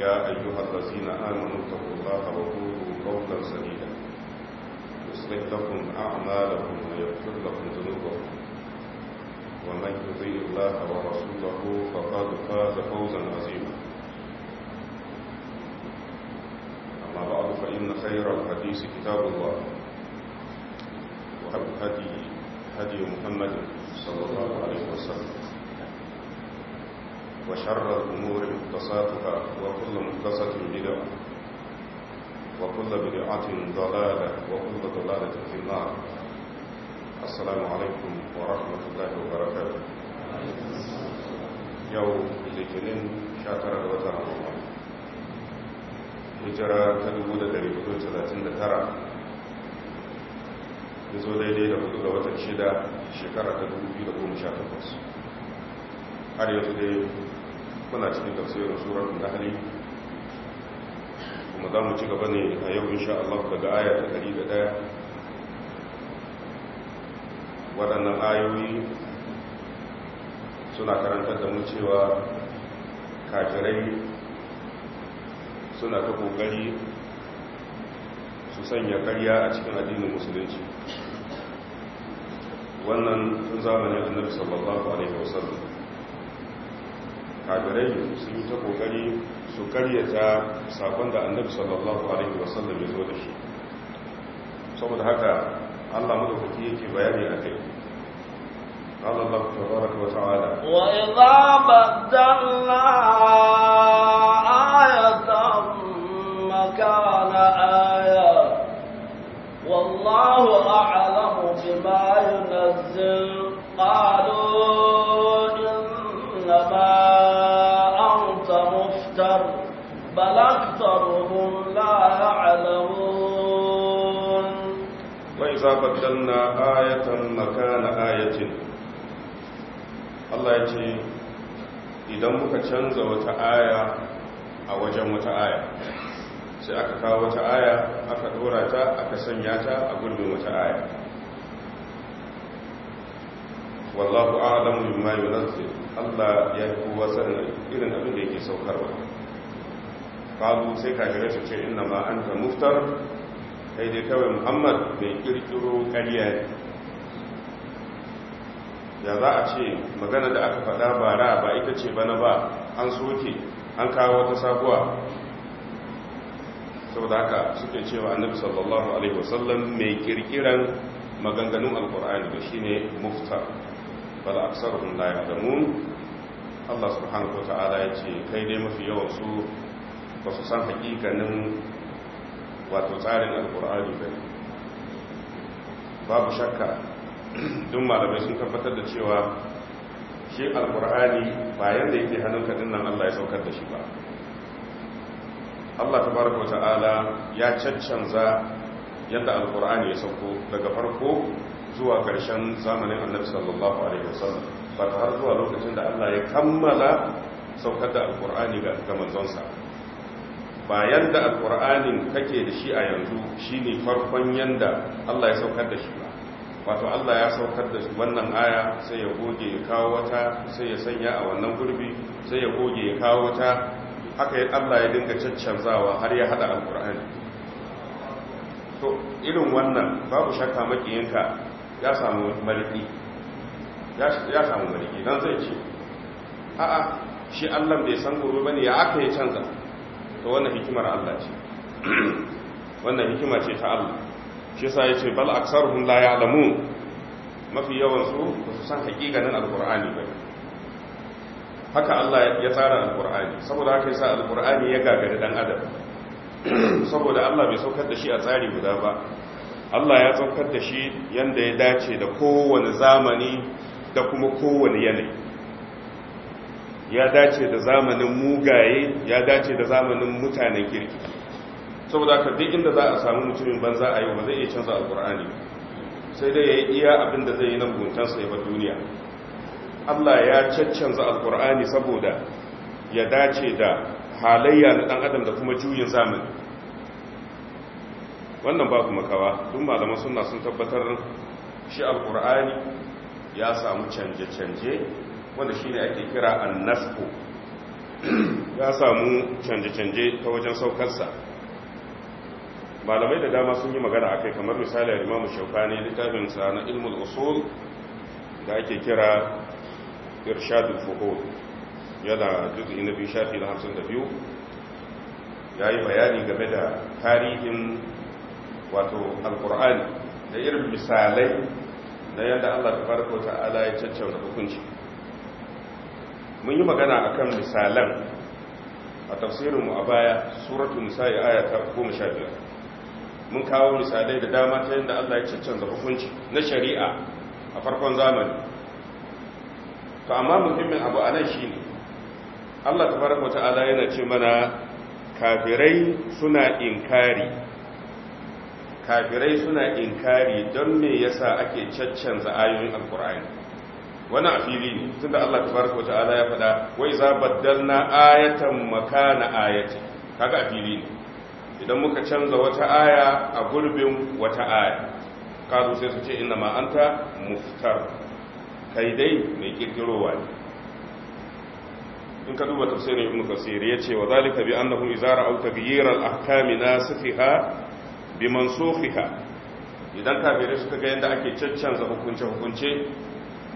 يا أيها الذين آمنوا اتقوا الله وقولوا قولا سديدا يصلح لكم أعمالكم ويغفر لكم ذنوبكم ومن يطيع الله ورسوله فقد فاز فوزا عظيما أما بعد فإن خير الحديث كتاب الله وهدي هدي هدي محمد صلى الله عليه وسلم وشر الأمور مقتصاتها وكل مقتصة بدعة وكل بدعة ضلالة وكل ضلالة في النار السلام عليكم ورحمة الله وبركاته يوم الاثنين شاكر الوطن رمضان hijira ta 1439 ya zo daidai da hudu ga watan shida shekara ta 2018 har yanzu dai muna cikin tafsirin surar nahli kuma za mu ci gaba ne a yau insha Allah daga aya ta 101 waɗannan ayoyi suna karantar da mu cewa kafirai suna ta kokari su sanya karya a cikin addinin musulunci wannan tun zamanin annabi sallallahu alaihi wasallam kafirai sun yi ta kokari su karyata sakon da annabi sallallahu alaihi wasallam ya zo da shi saboda haka Allah madaukaki yake bayani a kai قال الله تبارك وتعالى وإذا بدلنا Allah ya ce idan muka canza wata aya a wajen wata aya sai aka kawo wata aya aka dora ta aka sanya ta a gurbin wata aya wallahu a'lamu bima yunzil Allah ya yi kowa sanin irin abin da yake saukarwa kalu sai kafirai su ce inna ma anta muftar kai dai kawai Muhammad bai kirkiro ƙarya ya za a ce magana da aka faɗa bara ba ita ce bana ba an soke an kawo wata sabuwa da haka suke cewa annabi sallallahu alaihi wasallam mai kirkiran maganganun alkur'ani da shine muftar bal aksaruhum la ya'lamun Allah subhanahu wata'ala ya ce kai dai mafi yawan su ba su san hakikanin wato tsarin alkur'ani ba babu shakka duk malamai sun tabbatar da cewa shi alkur'ani ba yadda yake kadin nan Allah ya saukar da shi ba Allah Ta tabaraka wata'ala ya cancanza yadda alkur'ani ya sauko daga farko zuwa karshen zamanin annabi sallallahu alaihi wasallam ba har zuwa lokacin da Allah ya kammala saukar da alkur'ani ga manzonsa ba yadda alkur'anin kake da shi a yanzu shi ne farkon yanda Allah ya saukar da shi ba wato Allah ya saukar da wannan aya sai ya goge ya kawo wata sai ya sanya a wannan gurbi sai ya goge ya kawo wata haka ya Allah ya dinga caccanzawa har ya hada alkur'ani to irin wannan babu shakka makiyinka ya samu mariki ya samu mariki dan zai ce a'a shi Allah bai san ba bane ya aka ya canza to wannan hikimar Allah ce wannan hikima ce ta Allah shi yasa yace bal aktsaruhum la ya'lamun mafi yawan su ba su san nan alqur'ani ba haka Allah ya tsara alqur'ani saboda haka yasa alqur'ani ya gagari dan adam saboda Allah bai saukar da shi a tsari guda ba Allah ya saukar da shi yanda ya dace da kowane zamani da kuma kowane yanayi ya dace da zamanin mugaye ya dace da zamanin mutanen kirki saboda ka duk inda za a samu mutumin banza a yau ba zai iya canza alkur'ani sai dai ya yi iya abin da zai yi na muguntansa ya ba duniya allah ya caccanza alkur'ani saboda ya dace da halayya na dan adam da kuma juyin zamani wannan ba babu makawa duk malaman suna sun tabbatar shi alkur'ani ya samu canje-canje wanda shine ake kira annasko ya samu canje-canje ta wajen saukarsa malamai da dama sun yi magana akai kamar misali al shaukani Shawkani littafin sa na Ilmul Usul da ake kira Irshadul Fuhul yana juz'i na biyu shafi na ya yayi bayani game da tarihin wato al-Qur'ani da irin misalai da yadda Allah tabaraka wa ta'ala ya cancanta hukunci mun yi magana akan misalan a tafsirinmu a baya suratun nisa'i aya ta 15 mun kawo misalai da dama ta yadda Allah ya cancanza hukunci na shari'a a farkon zamani to amma muhimmin abu anan shine Allah tabaraka wata'ala yana ce mana kafirai suna inkari kafirai suna inkari don me yasa ake cancanza ayoyin alkur'ani wani afili ne, ne tunda Allah tabaraka wata'ala ya faɗa wai za baddalna ayatan makana ayati kaga afili ne idan muka canza wata aya a gurbin wata aya kazu sai su ce inna ma anta muftar kai dai mai kirkirowa ne in ka duba tafsirin ibn kasir ya ce wa zalika bi annahu izara au taghyir al-ahkam nasikha bi mansukhiha idan kafirai suka ga yanda ake caccanza hukunce hukunce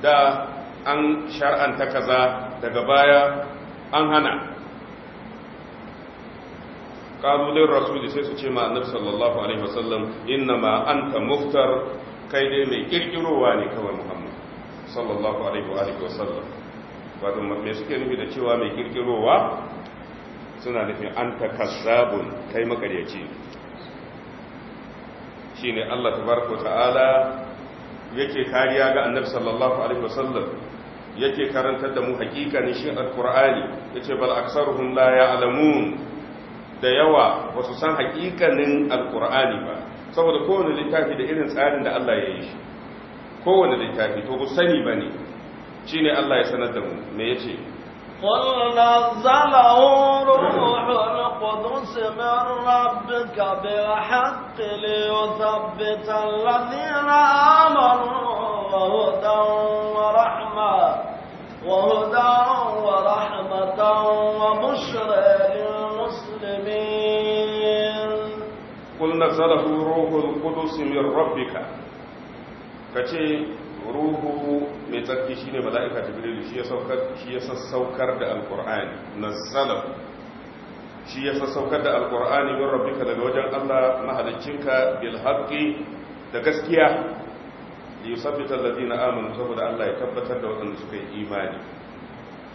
da an shar'anta kaza daga baya an hana kalulin rasuli sai su ce ma annabi sallallahu alaihi wasallam inna ma anta muftar kai dai mai kirkirowa ne kawai muhammad sallallahu alaihi wa alihi wasallam wato me suke nufi da cewa mai kirkirowa suna nufin anta kazzabun kai makaryaci shine Allah tabaraka ta'ala yake kariya ga annabi sallallahu alaihi wasallam yake karantar da mu hakikanin shi alqur'ani yace bal aktsaruhum la ya'lamun da yawa ba su san hakikanin alkur'ani ba saboda kowane littafi da irin tsarin da allah ya yi shi kowane littafi to ku sani ba ne allah ya sanar da mu me ya ce Kullu zalahuru ruhul qudus min rabbika bi haqqi li yuthabbita alladhina amanu wa huwa wa rahma wa huwa wa rahmatan wa bushra lil مسلمين قل نزله روح القدس من ربك كتي ruhu mai tsarki shine mala'ika jibrilu shi ya saukar shi ya sassaukar da alqur'ani nazzala shi ya sassaukar da alqur'ani min rabbika daga wajen Allah mahaliccinka bil haqqi da gaskiya li yusabbita dina amanu saboda Allah ya tabbatar da waɗanda suka yi imani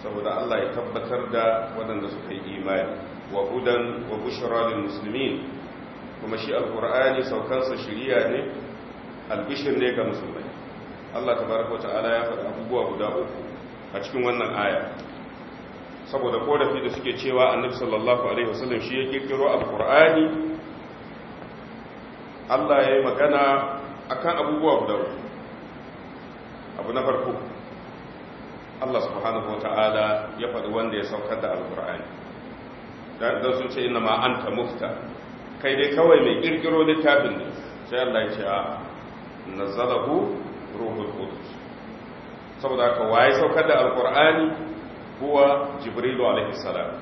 saboda Allah ya tabbatar da waɗanda suka yi imani وهدى وبشرى wa bushra lil muslimin kuma shi alqur'ani saukansa shiriya ne albishir ne ga musulmai Allah tabaraka wataala ya faɗi abubuwa guda uku a cikin wannan aya saboda korafi da suke cewa annabi sallallahu alaihi wasallam shi ya kirkiro alqur'ani Allah ya yi magana akan abubuwa guda uku abu na farko Allah subhanahu wataala ya faɗi wanda ya saukar da alqur'ani da sun ce ina ma ta mufta kai dai kawai mai kirkiro littafin ne sai Allah ya ce a nazzalahu ruhul qudus saboda ka waye saukar da alqur'ani huwa jibril alaihi salam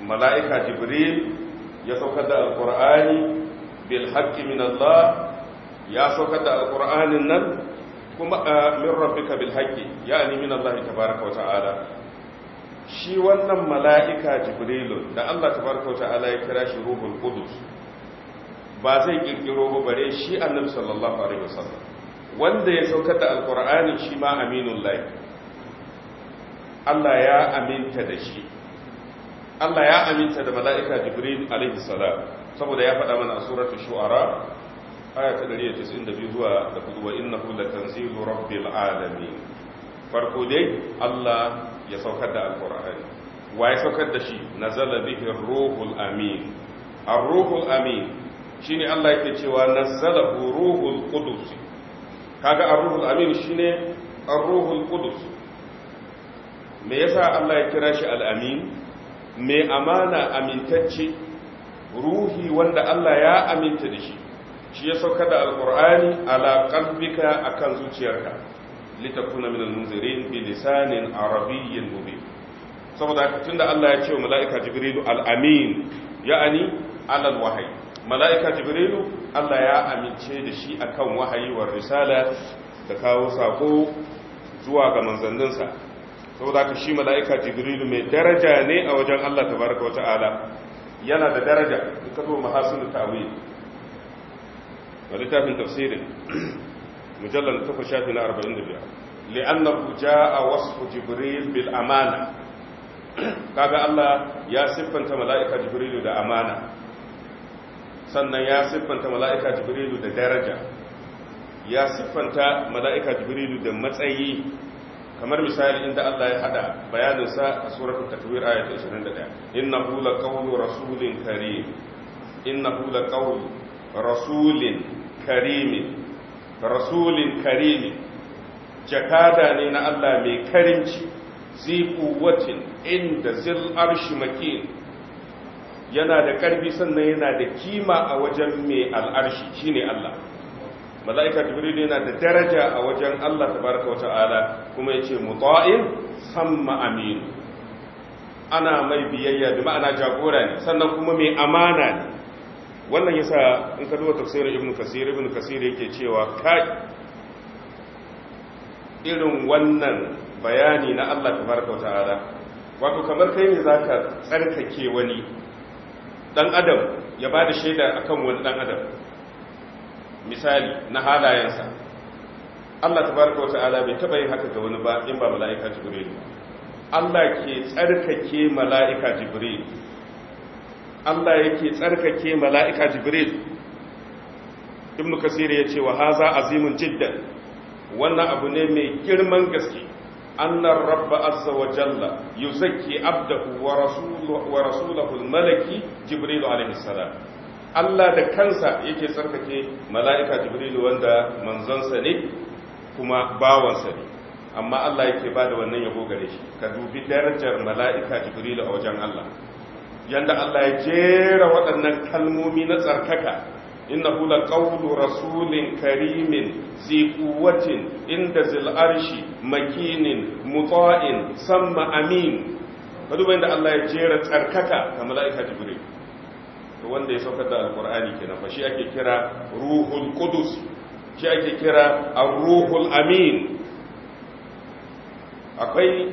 malaika jibril ya saukar da alqur'ani bil haqqi min Allah ya saukar da alqur'anin nan kuma min rabbika bil haqqi yani min Allah tabaaraka wa ta'ala shi wannan mala'ika jibrilu da Allah ta farko ta'ala ya kira shi ruhun kudus ba zai kirkiro ba bare shi annabi sallallahu alaihi wasallam wanda ya saukar da alkur'ani shi ma aminun lahi Allah ya aminta da shi Allah ya aminta da mala'ika jibril alaihi salam saboda ya faɗa mana a suratun shu'ara aya ta 192 zuwa da kudu wa inna farko dai Allah ya saukar da alkur'ani wa ya saukar da shi nazala bihi ruhul amin ar-ruhul amin shine Allah yake cewa nazalahu ruhul qudus kaga ar-ruhul amin shine ar-ruhul qudus me yasa Allah ya kira shi al-amin me amana amintacce ruhi wanda Allah ya aminta da shi shi ya saukar da alkur'ani ala qalbika akan zuciyarka litakuna minal munzirin bi lisanin arabiyyin mubin saboda tunda Allah ya ce wa mala'ika jibrilu al-amin ya'ani alal wahayi mala'ika jibrilu Allah ya amince da shi akan wahayi wa risala da kawo sako zuwa ga manzanninsa saboda ka shi mala'ika jibrilu mai daraja ne a wajen Allah tabaraka wata'ala yana da daraja duka zo mahasin da ta'awil wa littafin tafsirin mujallar ta shafi na 45 li'annahu jaa wasfu jibril bil amana kaga Allah ya siffanta mala'ika jibrilu da amana sannan ya siffanta mala'ika jibrilu da daraja ya siffanta mala'ika jibrilu da matsayi kamar misali inda Allah ya hada bayaninsa a suratul takwir ayat 21 innahu laqawlu rasulin karim innahu laqawlu rasulin karimin rasulin karimi jakada ne na Allah mai karimci zai kuwatin inda zil arshi makin yana da karfi sannan yana da kima a wajen mai al'arshi shine Allah mala'ika jibril yana da daraja a wajen Allah tabaraka wa ta'ala kuma yace muta'in samma amin ana mai biyayya da ma'ana jagora ne sannan kuma mai amana ne wannan yasa in ka duba tafsirin ibnu kasir ibnu kasir yake cewa kai irin wannan bayani na Allah tabaraka wa ta'ala wato kamar kai ne zaka tsarkake wani dan adam ya bada shaida akan wani dan adam misali na halayensa Allah tabaraka wa ta'ala bai taba yin haka ga wani ba in ba mala'ika jibril Allah ke tsarkake mala'ika jibril Allah yake tsarkake mala'ika jibril muka ya ce wa haza azimin jiddan wannan abu ne mai girman gaske annan rabba azza wa jalla yuzakki abdahu wa wa malaki jibril alaihi Allah da kansa yake tsarkake mala'ika jibril wanda manzansa ne kuma bawansa ne amma Allah yake bada wannan yabo gare shi ka dubi darajar mala'ika jibrilu a wajen Allah yanda Allah ya jera waɗannan kalmomi na tsarkaka innahu ƙaunu rasulin karimin zikuwacin inda zil'arshi arshi makinin Mutsa'in, samma amin ka duba inda Allah ya jera tsarkaka ga mala'ika jibril to wanda ya saukar da alkur'ani kenan fa shi ake kira ruhul qudus shi ake kira ar-ruhul amin akwai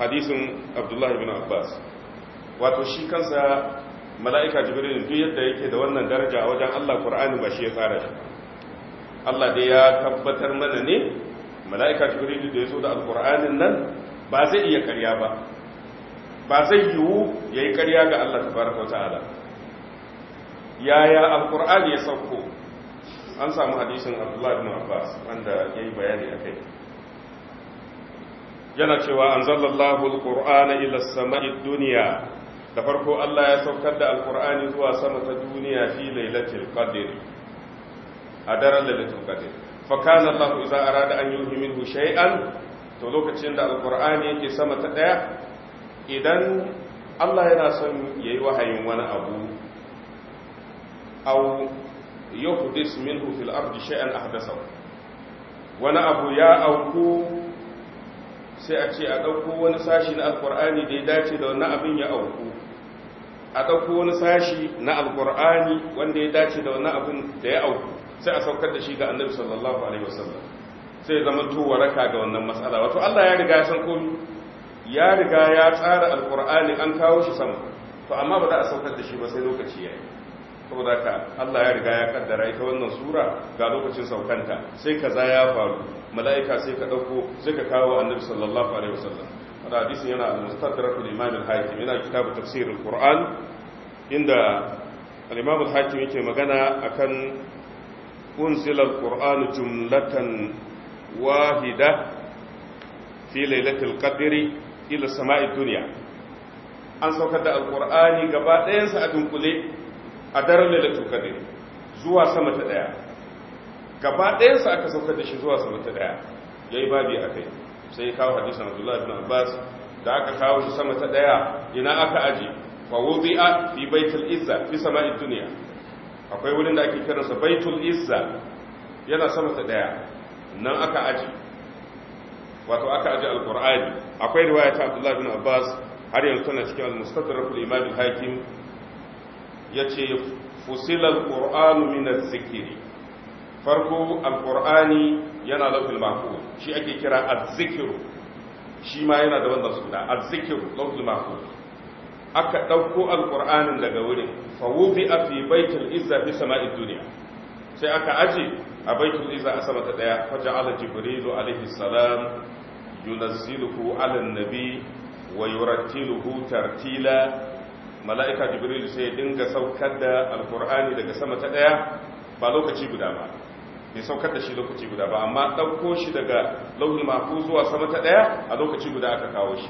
hadisin abdullahi bin abbas wato shi kansa mala'ika jibirin duk yadda yake da wannan daraja a wajen Allah ƙura'ani ba shi ya tsara shi Allah dai ya tabbatar mana ne mala'ika jibirin da ya zo da alqur'anin nan ba zai iya karya ba ba zai yiwu ya yi karya ga Allah tabaraka ala yaya alƙura'ani ya sauko an samu hadisin abdullahi Abbas wanda yi bayani kai. yana cewa anzalallahu alqur'ana ila samai da farko Allah ya saukar da alkur'ani zuwa sama ta duniya fi lailatul qadr a daren lailatul qadr fa kana Allah idza arada an yuhi minhu shay'an to lokacin da alkur'ani yake sama ta daya idan Allah yana son yayi wahayin wani abu aw yuhdis minhu fil ardi shay'an wani abu ya auku sai a ce a ɗauko wani sashi na alkur'ani da ya dace da wannan abin ya auku a ɗauko wani sashi na alkur'ani wanda ya dace da wannan abin da ya auku sai a saukar da shi ga annabi sallallahu alaihi wasallam sai ya zama to waraka ga wannan matsala wato Allah ya riga ya san komai ya riga ya tsara alkur'ani an kawo shi sama to amma ba za a saukar da shi ba sai lokaci yayi saboda ka Allah ya riga ya kaddara ita wannan sura ga lokacin saukanta sai kaza ya faru mala'ika sai ka dauko sai ka kawo annabi sallallahu alaihi wasallam wannan hadisi yana al-mustadrak al-imam al-hakim yana kitab tafsir al-qur'an inda al-imam al-hakim yake magana akan unzila al-qur'an jumlatan wahida fi lailatul qadri ila sama'i dunya an saukar da al-qur'ani gaba ɗayansa a dunkule a daren lailatul qadr zuwa sama ta daya gaba ɗayan sa aka sauka da shi zuwa sama ta daya yi babi kai, sai ya kawo hadisan Abdullahi ibn Abbas da aka kawo shi sama ta daya ina aka aje fa wudi'a fi baitul izza fi sama'id dunya akwai wurin da ake kiransa baitul izza yana sama ta daya nan aka aje wato aka aje alqur'ani akwai riwaya ta Abdullahi ibn Abbas har yanzu tana cikin al-mustadrak al-imam al-hakim ya ce fusilar ƙor'anu minar zikiri farko alƙor'ani yana laufin mako shi ake kira azzikiru shi ma yana da wannan suna azzikiru laufin mako aka ɗauko alƙor'anin daga wurin fawufi a fi baitul izza fi sama'in duniya sai aka aji a baitul izza a sama ta ɗaya faja ala jibrilu alaihi salam yunazziluhu ala nabi wa yurattiluhu tartila mala'ika jibril sai dinga saukar da alkur'ani daga sama ta ɗaya ba lokaci guda ba mai saukar da shi lokaci guda ba amma ɗauko shi daga lauhin mafu zuwa sama ta ɗaya a lokaci guda aka kawo shi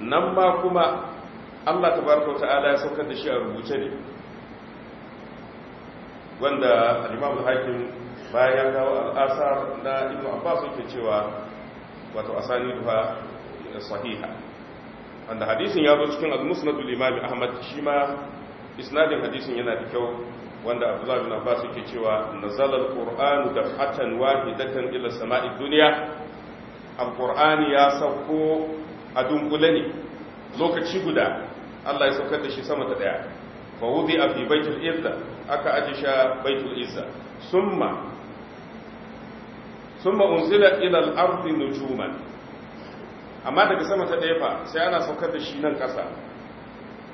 nan ma kuma allah ta barko ta'ala ya saukar da shi a rubuce ne wanda alimamu hakim bayan kawo al'asar na ibn abbas yake cewa wato asani duha sahiha wanda hadisin ya zo cikin al-musnadul imami ahmad shi ma isnadin hadisin yana da kyau wanda abdullahi bin abbas yake cewa nazala al-qur'anu dafatan wahidatan ila sama'i dunya al ya sauko a dunkule ne lokaci guda Allah ya saukar da shi sama ta daya fa wudi a fi baitul izza aka aje sha baitul izza summa summa unzila ila al-ardi nujuman amma daga sama ta ɗaya sai ana saukar da shi nan ƙasa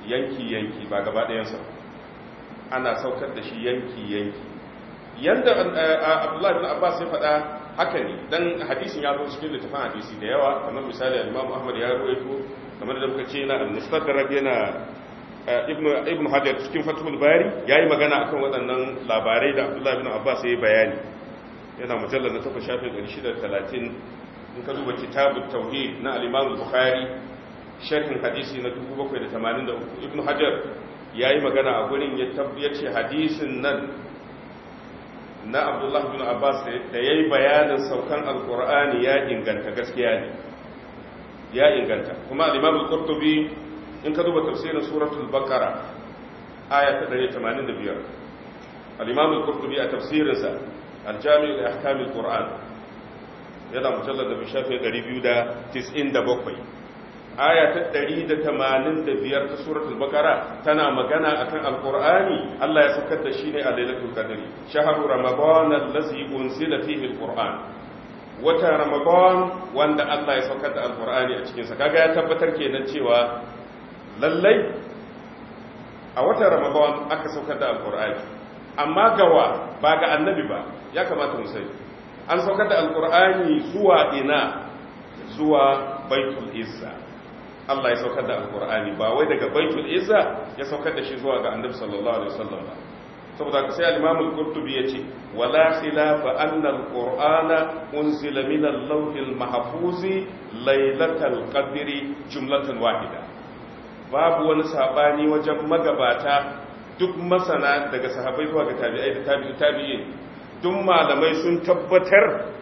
yanki-yanki ba gaba ɗayansa ana saukar da shi yanki-yanki yadda eh, eh, abdullahi bin abbas ya faɗa haka ne don hadisin ya zo cikin littafin hadisi da yawa kamar misali imam ahmad ya ruwaito kamar da muka ce na al-mustadrak yana eh, ibn hajar cikin fathul bayari ya yi magana akan waɗannan labarai da abdullahi bin abbas ya yi bayani yana mujallar na takwas shafin in ka duba kitabut tauhid na al bukhari sharhin hadisi na 783 ibn hajar ya yi magana a gurin ya ce hadisin nan na Abdullahi bin abbas da ya yi bayanin saukan alqur'ani ya inganta gaskiya ne ya inganta kuma al-imam in ka duba tafsirin suratul baqara aya ta 185 al-imam al-qurtubi a tafsirinsa al-jami' li ahkam quran yana mujallar da shafe 297 aya ta 185 ta suratul bakara tana magana akan alqur'ani Allah ya saukar da shi ne a lailatul qadri shahru ramadan allazi unzila fihi alqur'an wata ramadan wanda Allah ya saukar da alqur'ani a cikinsa, sa kaga ya tabbatar kenan cewa lallai a watan ramadan aka saukar da alqur'ani amma gawa ba ga annabi ba ya kamata mu sani an saukar da alkur'ani zuwa ina zuwa baitul isa Allah ya saukar da alkur'ani ba wai daga baitul izza ya saukar da shi zuwa ga annabi sallallahu alaihi wasallam saboda ka sai al-imam al-qurtubi yace wala khilafa anna al-qur'ana unzila min al-lawh al-mahfuz laylatal qadri jumlatan wahida babu wani sabani wajen magabata duk masana daga sahabbai zuwa ga tabi'i da duk malamai sun tabbatar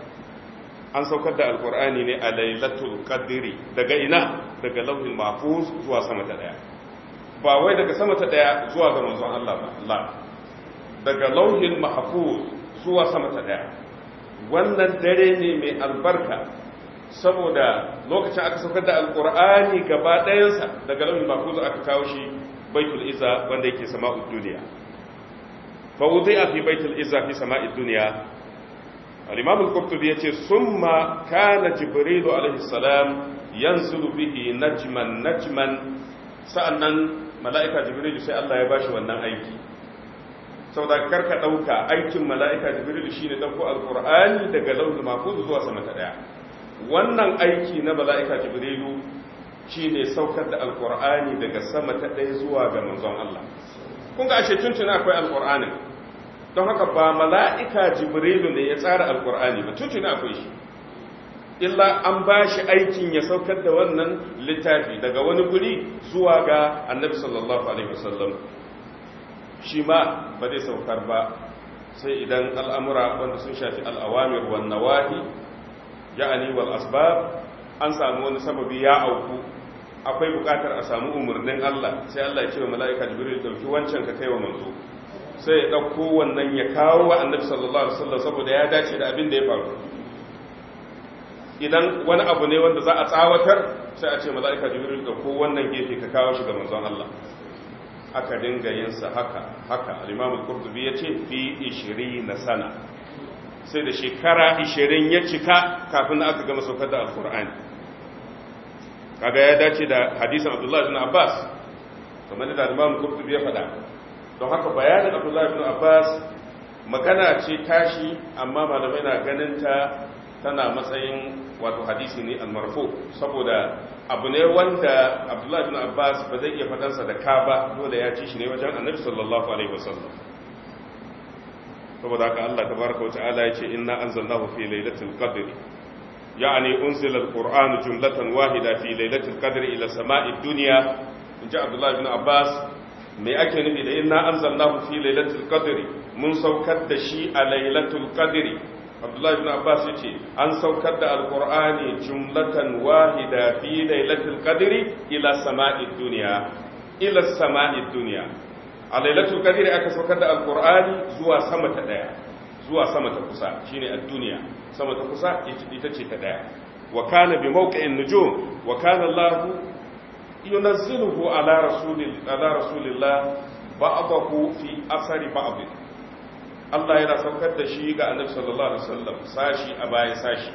an saukar da alkur'ani ne a lailatul qadri daga ina daga lauhin mahfuz zuwa sama ta daya ba wai daga sama ta daya zuwa ga manzon Allah ba la daga lauhin mahfuz zuwa sama ta daya wannan dare ne mai albarka saboda lokacin aka saukar da alkur'ani gaba dayansa daga lauhin mahfuz aka kawo shi baitul iza wanda yake sama'ud duniya fa wudi'a fi baitul izza fi sama'i dunya al-imam al-qurtubi yace summa kana jibril alaihi salam yanzuru bihi najman najman sa'annan mala'ika jibril sai Allah ya bashi wannan aiki saboda karka ɗauka aikin mala'ika jibril shine dauko al-qur'ani daga lauhul mahfuz zuwa sama ta daya wannan aiki na mala'ika jibrilu shine saukar da alkur'ani daga sama ta ɗaya zuwa ga manzon Allah kun ga ashe tuntuna akwai alkur'anin don haka ba mala'ika jibrilu ne ya tsara alkur'ani ba tutuni akwai shi illa an ba shi aikin ya saukar da wannan littafi daga wani guri zuwa ga annabi sallallahu alaihi wasallam shi ma ba zai saukar ba sai idan al'amura wanda sun shafi al'awamir wannan wahi ya'ani wal asbab an samu wani sababi ya auku akwai bukatar a samu umarnin Allah sai Allah ya ce wa mala'ika jibril dauki wancan ka kai wa manzo sai ya ɗauko wannan ya kawo wa annabi sallallahu alaihi wasallam saboda ya dace da abin da ya faru idan wani abu ne wanda za a tsawatar sai a ce mala'ika jibril ga ko wannan gefe ka kawo shi ga manzon Allah aka dinga yin sa haka haka al-imam al-qurtubi yace fi 20 sana sai da shekara 20 ya cika kafin aka gama saukar da al-qur'ani kaga ya dace da hadisin abdullahi ibn abbas kamar da al-imam al-qurtubi ya faɗa don haka bayanin abdullahi ibn abbas magana ce tashi amma malamai na ganin ta tana matsayin wato hadisi ne almarfu saboda abu ne wanda abdullahi ibn abbas ba zai iya fadansa da ka ba dole ya ci shi ne wajen annabi sallallahu alaihi wasallam saboda haka Allah tabaraka wa ta'ala ya ce inna anzalnahu fi lailatul qadr يعني أنزل القرآن jumlatan wahida fi ليلة القدر ila سماء الدنيا جاء عبد الله بن me ake nufi da inna anzalnahu fi lailatul qadri mun saukar da shi a lailatul qadri Abdullahi ibn Abbas yace an saukar da alqur'ani jumlatan wahida fi lailatul qadri ila sama'id dunya ila sama'id dunya a lailatul qadri aka saukar da alqur'ani zuwa sama ta daya zuwa sama ta kusa shine ad-dunya sama ta kusa ita ce ta daya wa kana bi mawqi'in nujum wa kana Allahu yunazziluhu ala rasulil ala rasulillah ba'dahu fi asari ba'd Allah yana saukar da shi ga Annabi sallallahu alaihi wasallam sashi a baya sashi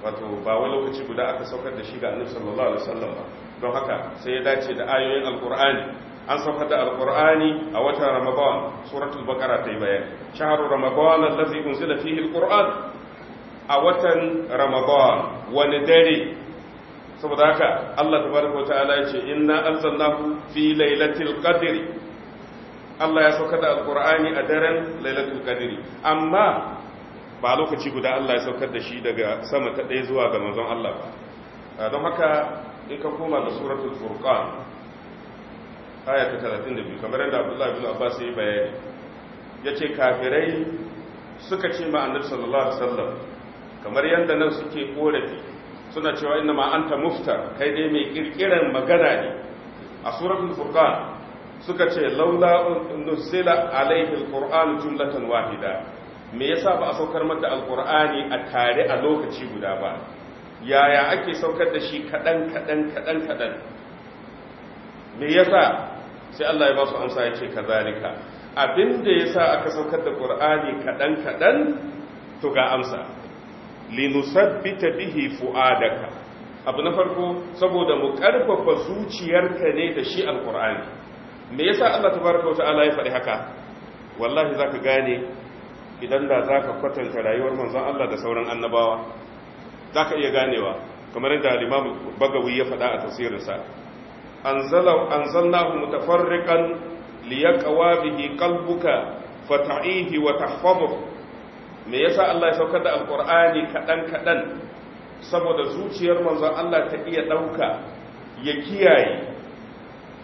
wato ba wani lokaci guda aka saukar da shi ga Annabi sallallahu alaihi wasallam ba don haka sai ya dace da ayoyin alqur'ani an saukar da alqur'ani a watan ramadan suratul baqara ta yi bayani shahru ramadan allazi unzila fihi alqur'an a watan ramadan wani dare saboda haka Allah tabaraka wataala ya ce inna anzalnahu fi lailatul qadri Allah ya sauka da alqur'ani a daren lailatul qadri amma ba lokaci guda Allah ya saukar da shi daga sama ta ɗaya zuwa ga manzon Allah ba don haka in ka koma da suratul furqan aya ta 32 kamar yadda Abdullah bin Abbas ya bayani yace kafirai suka ce ma annabi sallallahu alaihi wasallam kamar yadda nan suke korafi suna cewa inna ma anta muftar kai dai mai kirkiran magana ne a suratul furqan suka ce laula nuzila alaihi alquran jumlatan wahida me yasa ba a saukar mata alqurani a tare a lokaci guda ba yaya ake saukar da shi kadan kadan kadan kadan me yasa sai Allah ya ba su amsa ya ce kazalika abinda yasa aka saukar da qur'ani kadan kadan to ga amsa linusabbita bihi fu'adaka abu na farko saboda mu karfafa zuciyarka ne da shi alqur'ani me yasa Allah tabaraka ala ya faɗi haka wallahi zaka gane idan da zaka kwatanta rayuwar manzon Allah da sauran annabawa zaka iya ganewa kamar yadda al-Imam Bagawi ya faɗa a tafsirinsa anzala anzalnahu mutafarriqan liyaqwa bihi qalbuka fata'ihi wa tahfazuhu me yasa Allah ya saukar da alkur'ani kaɗan kaɗan saboda zuciyar manzon Allah ta iya ɗauka ya kiyaye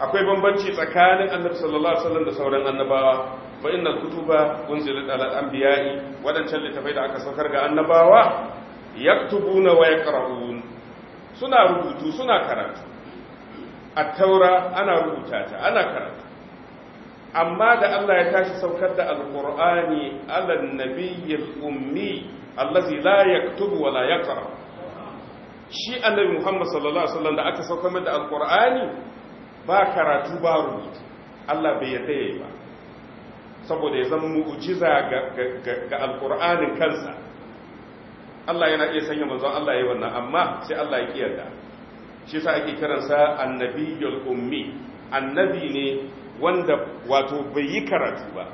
akwai bambanci tsakanin annabi sallallahu alaihi wasallam da sauran annabawa fa innal kutuba unzilat ala anbiya'i wadancan littafai da aka saukar ga annabawa yaktubuna wa yaqra'un suna rubutu suna karatu at-taura ana rubuta ta ana karatu amma da Allah ya tashi saukar da alqur'ani ala nabiyyil ummi allazi la yaktubu wa la yaqra shi annabi Muhammad sallallahu alaihi wasallam da aka saukar da alqur'ani ba karatu ba rubutu Allah bai yadda yayi ba saboda ya zama mu'jiza ga alqur'anin kansa Allah yana iya sanya manzon Allah yayi wannan amma sai Allah ya kiyarda shi yasa ake kiransa annabiyul ummi annabi ne wanda wato bai yi karatu ba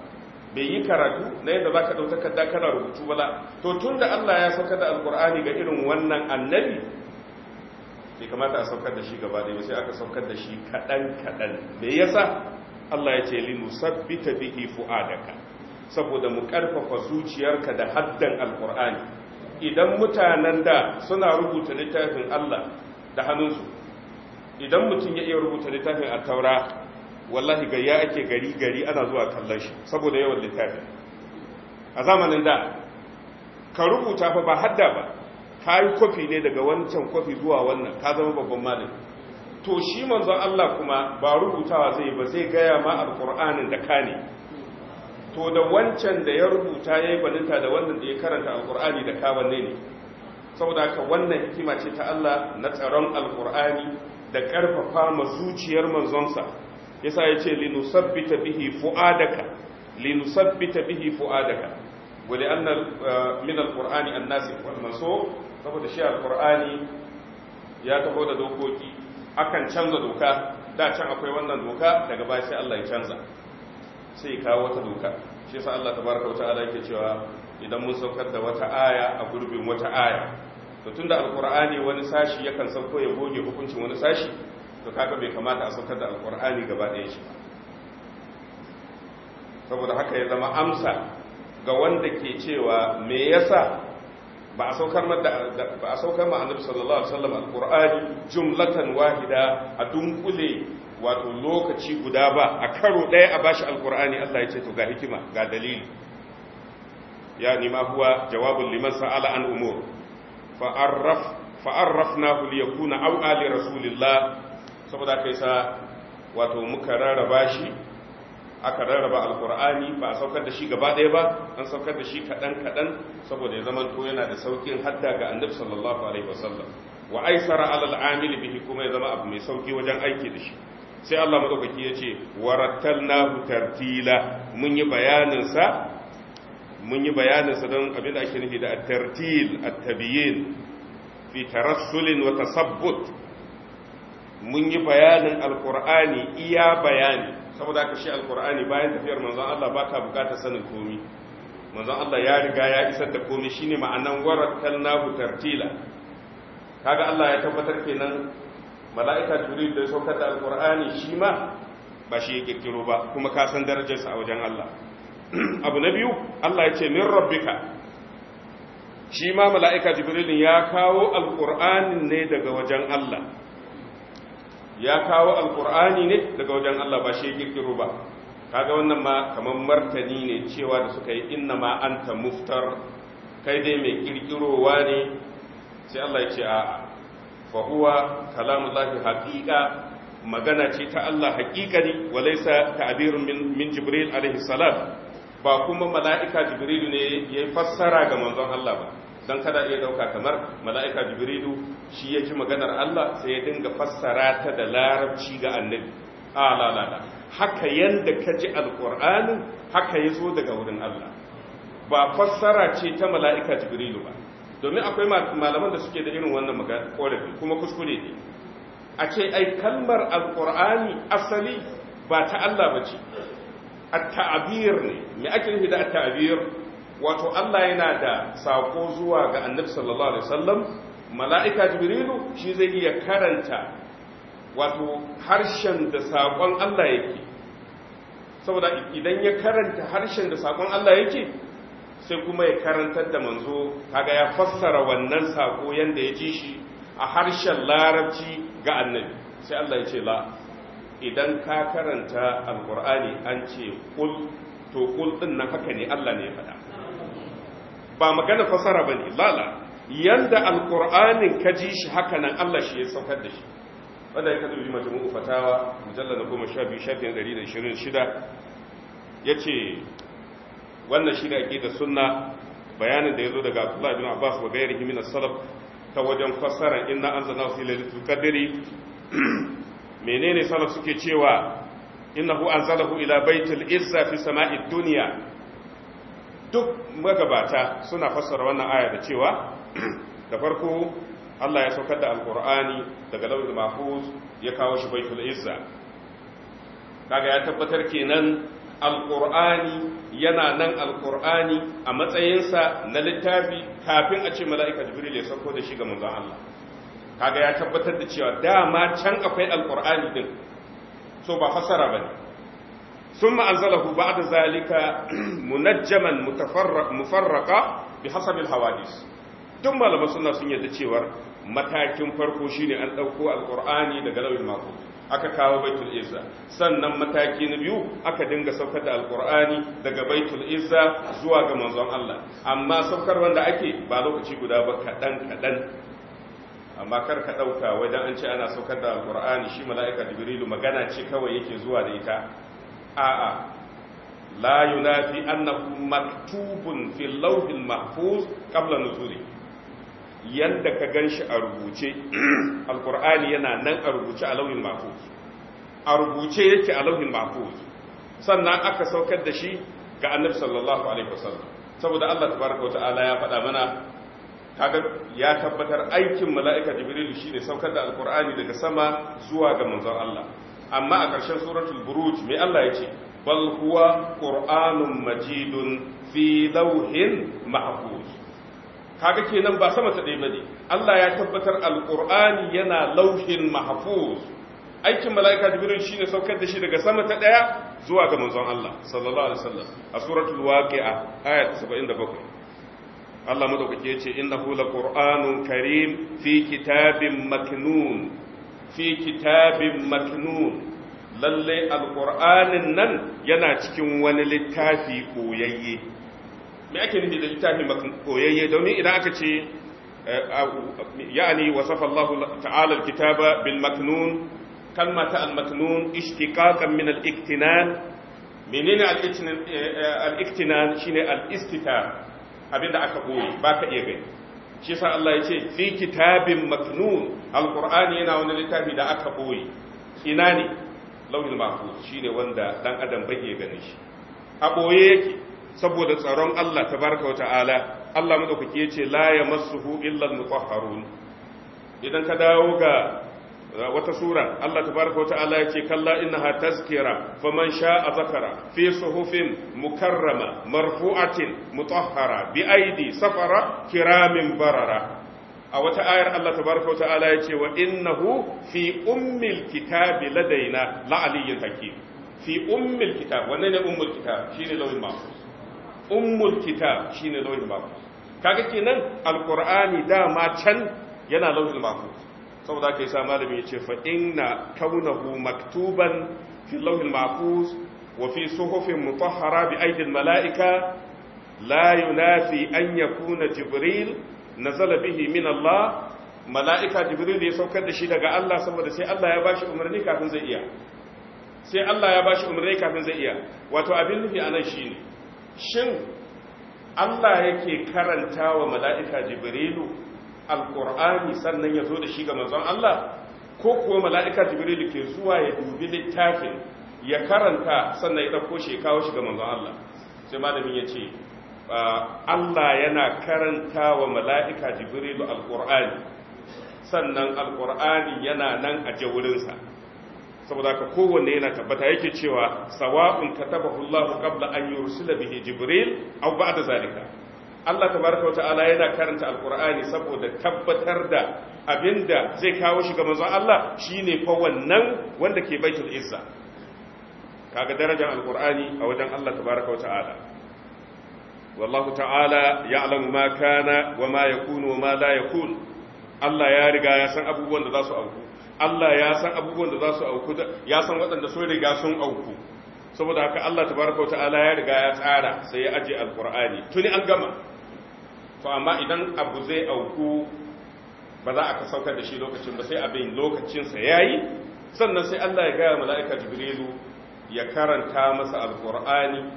bai yi karatu na yadda za ka ɗau takarda kana rubutu ba to tun da Allah ya sauka da alkur'ani ga irin wannan annabi bai kamata a saukar da shi gaba da sai aka saukar da shi kaɗan kaɗan me yasa Allah ya ce li musabbita bihi fu'adaka saboda mu karfafa zuciyarka da haddan alkur'ani idan mutanen da suna rubuta littafin Allah da hannunsu idan mutum ya iya rubuta littafin at-taura wallahi gayya ake gari gari ana zuwa kallon shi saboda yawan littafi a zamanin da ka rubuta fa ba hadda ba ka yi kofi ne daga wancan kofi zuwa wannan ka zama babban malami to shi manzo Allah kuma ba rubutawa zai ba zai gaya ma alqur'anin da ka ne to da wancan da ya rubuta ya yi balinta da wannan da ya karanta alkur'ani da ka wanne ne saboda ka wannan hikima ce ta Allah na tsaron alkur'ani da karfafa ma zuciyar manzonsa yasa yace linusabbita bihi fuadaka linusabbita bihi fuadaka wali anna uh, min alqur'ani annasikh wal mansukh saboda shi alqur'ani ya taho da dokoki akan canza doka da can akwai wannan doka daga baya sai Allah ya canza sai ya kawo wata doka shi yasa Allah tabaraka wata'ala yake cewa idan mun saukar da wata aya a gurbin wata aya to tunda alqur'ani wani sashi yakan sauko ya goge hukuncin wani sashi to kaga bai kamata a saukar da alkur'ani gaba ɗaya shi saboda haka ya zama amsa ga wanda ke cewa me yasa ba a saukar ba a saukar ma annabi sallallahu alaihi wasallam alkur'ani jumlatan wahida a dunkule wato lokaci guda ba a karo ɗaya a bashi alkur'ani Allah ya ce to ga hikima ga dalili ya nima huwa jawabul liman sa'ala an umur fa arraf fa arrafnahu li aw ali rasulillah saboda yi sa wato muka rarraba shi aka rarraba alkur'ani ba a saukar da shi gaba ɗaya ba an saukar da shi kaɗan-kaɗan saboda ya zama to yana da sauƙin hadda ga annabi sallallahu alaihi wasallam wa aisara alal amil bihi kuma ya zama abu mai sauƙi wajen aiki da shi sai Allah madaukaki ya ce warattalnahu tartila mun yi bayanin sa mun yi bayanin sa don abin da ake nufi da at-tartil at-tabyin fi tarassul wa tasabbut mun yi bayanin alkur'ani iya bayani saboda haka shi alkur'ani bayan tafiyar manzon Allah ba ka bukata sanin komi manzon Allah ya riga ya isar da komi shine ma'anan warattalnahu tartila kaga Allah ya tabbatar kenan mala'ika jibril da saukar da alkur'ani shi ma ba shi ya kirkiro ba kuma ka san darajarsa a wajen Allah abu na biyu Allah ya ce min rabbika shi ma mala'ika jibril ya kawo alkur'anin ne daga wajen Allah ya kawo alkur'ani ne daga wajen Allah ba shi kirkiro ba kaga wannan ma kamar martani ne cewa da suka yi inna ma anta muftar kai dai mai kirkirowa ne sai Allah ya ce a fa huwa kalamullahi haqiqa magana ce ta Allah haqiqani ne. laysa ta'birun min, min jibril alaihi salam ba kuma mala'ika jibril ne ya fassara ga manzon Allah ba don kada iya dauka kamar mala'ika jibrilu shi ya ji maganar Allah sai ya dinga fassara ta da larabci ga annabi haka yanda ka ji alƙur'ani haka ya zo daga wurin Allah ba fassara ce ta mala'ika jibrilu ba domin akwai malaman da suke da irin wannan ƙorafi kuma kuskure ne a ce ai kalmar alƙur'ani asali ba ta Allah ba ce a ta'abir ne me ake nufi da ta'abir wato Allah yana da sako zuwa ga annabi sallallahu alaihi wasallam mala'ika jibrilu shi zai iya karanta wato harshen da sakon Allah yake saboda idan ya karanta harshen da sakon Allah yake sai kuma ya karantar da manzo kaga ya fassara wannan sako yanda ya ji shi a harshen larabci ga annabi sai Allah ya ce la idan ka karanta alqur'ani an ce kul to kul din nan haka ne Allah ne ya faɗa ba magana fasara ba ne lala yanda alkur'anin ka ji shi haka nan allah shi ya saukar da shi wanda ya kadubi majmu'u ufatawa, mujalla na goma sha biyu shafin ɗari da ishirin shida ya ce wannan shi da ake da sunna bayanin da ya zo daga abdullahi bin abbas wa gairi himina salaf ta wajen fasara in na an zana wasu lalitul kadiri menene salaf suke cewa innahu anzalahu ila baitul izza fi sama'id duniya? duk magabata suna fassara wannan aya da cewa da farko Allah ya saukar da alkur'ani daga lauyin mahfuz ya kawo shi baitul izza kaga ya tabbatar kenan alkur'ani yana nan alkur'ani a matsayinsa na littafi kafin a ce mala'ika jibril ya sauko da shi ga manzon Allah kaga ya tabbatar da cewa dama can akwai alkur'ani din so ba fassara bane ثم أنزله بعد ذلك منجما متفرق مفرقا بحسب الحوادث ثم لما سنة سنة تشيور matakin farko shine an ɗauko alƙur'ani daga lauyin mako aka kawo baitul izza sannan mataki na biyu aka dinga saukar da alƙur'ani daga baitul izza zuwa ga manzon Allah amma saukar wanda ake ba lokaci guda ba kaɗan kaɗan amma kar ka ɗauka wajen an ce ana saukar da alƙur'ani shi mala'ika jibrilu magana ce kawai yake zuwa da ita a'a la yunafi annahu maktubun fil lawhil mahfuz qabla nuzuli yanda ka ganshi a rubuce alqur'ani yana nan a rubuce a lawhil mahfuz a rubuce yake a lawhil mahfuz sannan aka saukar da shi ga annabi sallallahu alaihi wasallam saboda Allah tabaraka wa ta'ala ya faɗa mana kaga ya tabbatar aikin mala'ika jibril shine saukar da alqur'ani daga sama zuwa ga manzon Allah amma a ƙarshen suratul buruj mai Allah ya ce bal huwa qur'anun majidun fi lawhin mahfuz kaga kenan ba sama ta ɗaya bane Allah ya tabbatar alqur'ani yana lawhin mahfuz aikin mala'ika jibril shine saukar da shi daga sama ta ɗaya zuwa ga manzon Allah sallallahu alaihi wasallam a suratul waqi'a aya 77 Allah madaukake ya ce innahu laqur'anun karim fi kitabin maknun fi kitabin maknun lalle alƙur'anin nan yana cikin wani littafi koyayye me ake nufi da littafi koyayye domin idan aka ce eh, yani wasafa Allah ta'ala alkitaba bil maknun kalma ta al maknun ishtiqaqan min al iktinan menene al iktinan eh, eh, shine al istita abinda aka koyi baka iya gani shi yasa Allah ya ce fi kitabin maknun alqur'ani yana wani littafi da aka boye ina ne launin mahfuz shine wanda ɗan adam bai gani shi a boye yake saboda tsaron Allah tabaraka wa ta'ala Allah madaukake ce la yamassuhu illa al-mutahharun idan ka dawo ga wata sura Allah tabaraka wata'ala ya ce kalla innaha tazkira faman sha'a zakara fi suhufin mukarrama marfu'atin mutahhara bi aidi safara kiramin barara a wata ayar Allah tabaraka wata'ala ya ce wa innahu fi ummil kitabi ladaina la aliyyun hakim fi ummil kitab wannan ne ummul kitab shine lawin mahfuz ummul kitab shine lawin mahfuz kaga kenan alqur'ani dama can yana lawin mahfuz saboda ka yi sa malami ya ce fa na kaunahu maktuban fil lawhil wafi wa fi suhufin mutahhara bi aidil mala'ika Layu na fi an yakuna jibril nazala bihi min Allah mala'ika jibril ya saukar da shi daga Allah saboda sai Allah ya bashi umarni kafin zai iya sai Allah ya bashi umarni kafin zai iya wato abin nufi a nan shi ne. shin Allah yake karanta wa mala'ika jibrilu alkur'ani sannan ya zo da shi ga manzon Allah ko kuwa mala'ika jibril ke zuwa ya dubi littafin ya karanta sannan ya ɗauko shi ya kawo shi ga manzon Allah sai malamin ya ce ah, Allah yana karanta wa mala'ika jibril alkur'ani sannan alkur'ani yana nan a jawurinsa saboda ka kowanne yana tabbata yake cewa sawa'un katabahu hullahu qabla an yursila bihi jibril aw ba'da zalika Allah tabaraka wa ta'ala yana karanta alkur'ani saboda tabbatar da abinda zai kawo shi ga manzon Allah shine fa wannan wanda ke baitul izza kaga darajar alkur'ani a wajen Allah tabaraka wa ta'ala wallahu ta'ala ya'lamu ma kana wa ma yakunu wa ma la yakun Allah ya riga ya san abubuwan da za su auku Allah ya san abubuwan da za su auku ya san waɗanda sun riga sun auku saboda haka Allah tabaraka wa ta'ala ya riga ya tsara sai ya aje alkur'ani tuni an gama to amma idan abu zai auku ba za a ka saukar da shi lokacin ba sai abin lokacinsa ya yi sannan sai Allah ya gaya mala'ika jibrilu ya karanta masa alkur'ani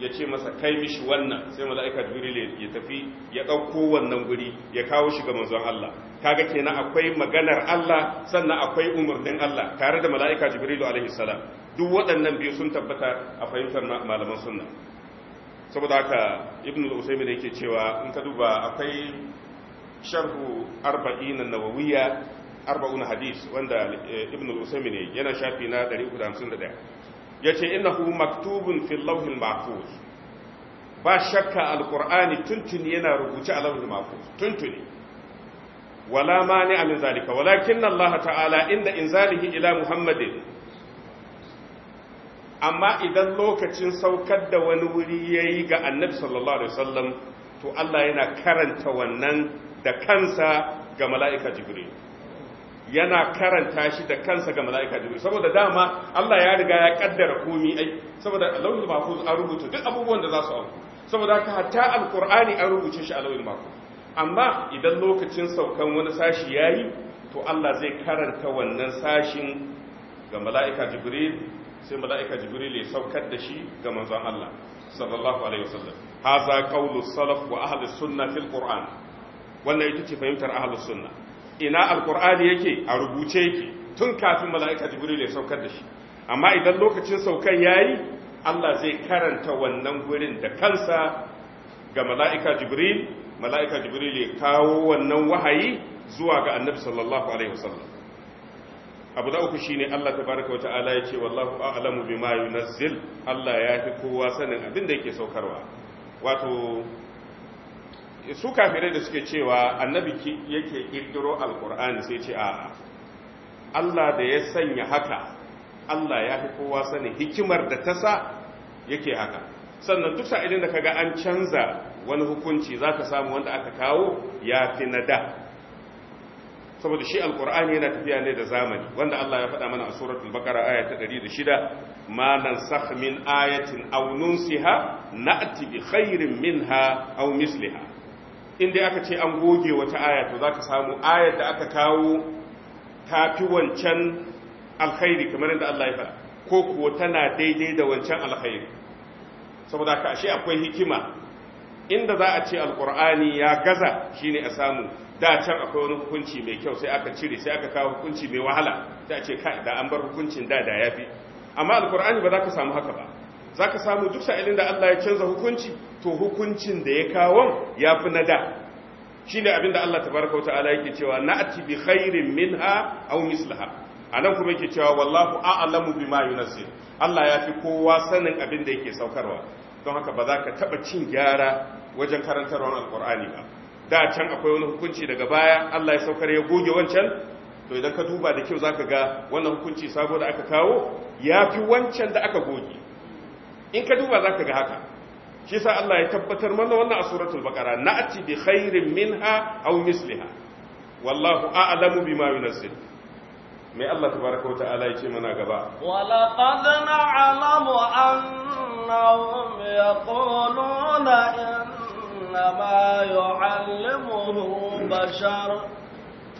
ya ce masa kai mishi wannan sai mala'ika jibrilu ya tafi ya ɗauko wannan guri ya kawo shi ga manzon Allah kaga kenan akwai maganar Allah sannan akwai umarnin Allah tare da mala'ika jibrilu alaihi salam duk waɗannan biyu sun tabbata a fahimtar malaman sunna saboda haka ibn al-usaymi da yake cewa in ka duba akwai sharhu arba'in an-nawawiyya arba'un hadis wanda eh, ibn al-usaymi ne yana shafi na 351 yace innahu maktubun fil lawhil mahfuz ba shakka al-qur'ani tuntuni yana rubuce a lawhil mahfuz tuntuni wala mani min zalika walakin Allah ta'ala inda inzalihi ila muhammadin amma idan lokacin saukar da wani wuri ya yi ga annabi sallallahu alaihi wasallam to Allah yana karanta wannan da kansa ga mala'ika jibril yana karanta shi da kansa ga mala'ika jibril saboda dama Allah ya riga ya kaddara komi ai saboda lauyin mafuz an rubuta duk abubuwan da za su auku saboda haka hatta alkur'ani an rubuce shi a lauyin amma idan lokacin saukan wani sashi ya yi, to Allah zai karanta wannan sashin ga mala'ika jibril sai mala'ika jibril ya saukar da shi ga manzon Allah sallallahu alaihi wasallam haza qawlu salaf wa ahli sunna fil qur'an wannan ita ce fahimtar ahli sunna ina alqur'ani yake a rubuce yake tun kafin mala'ika jibril ya saukar da shi amma idan lokacin saukan yayi Allah zai karanta wannan gurin da kansa ga mala'ika jibril mala'ika jibril ya kawo wannan wahayi zuwa ga annabi sallallahu alaihi wasallam abu da uku shine Allah tabaraka wa ta'ala ya ce wallahu a'lamu bima yunazzil Allah ya fi kowa sanin abin da yake saukarwa wato su kafirai da suke cewa annabi yake kirkiro alqur'ani sai ce a'a Allah da ya sanya haka Allah ya fi kowa sanin hikimar da ta sa yake haka sannan duk sa'ilin da kaga an canza wani hukunci zaka samu wanda aka kawo ya fi nada saboda shi alkur'ani yana tafiya ne da zamani wanda Allah ya faɗa mana a suratul baqara aya ta 106 ma nansakh min ayatin aw nunsiha na'ti bi khairin minha aw misliha inda aka ce an goge wata aya to zaka samu ayar da aka kawo tafi wancan alkhairi kamar yadda Allah ya faɗa ko kuwa tana daidai da wancan alkhairi saboda ka ashe akwai hikima inda za a ce alkur'ani ya gaza shine a samu da can akwai wani hukunci mai kyau sai aka cire sai aka kawo hukunci mai wahala sai a ce kai da an bar hukuncin da da yafi amma alkur'ani ba za ka samu haka ba za ka samu duk sa'ilin da Allah ya canza hukunci to hukuncin da ya kawo ya fi na da shi ne abinda Allah ta wa Ta'ala yake cewa na ati bi khairin minha aw mislaha a kuma yake cewa wallahu a'lamu bima yunzil Allah ya fi kowa sanin abin da yake saukarwa don haka ba za ka taba cin gyara wajen karantarwar alkur'ani ba da can akwai wani hukunci daga baya Allah ya saukar ya goge wancan to idan ka duba da kyau zaka ga wannan hukunci sabo da aka kawo yafi wancan da aka goge in ka duba zaka ga haka shi sa Allah ya tabbatar mana wannan a suratul baqara na'ti bi khairin minha aw misliha wallahu a'lamu bima yunzil mai Allah tabaraka ta'ala ya ce mana gaba wala qad na'lamu annahum yaquluna إنما يعلمه بشر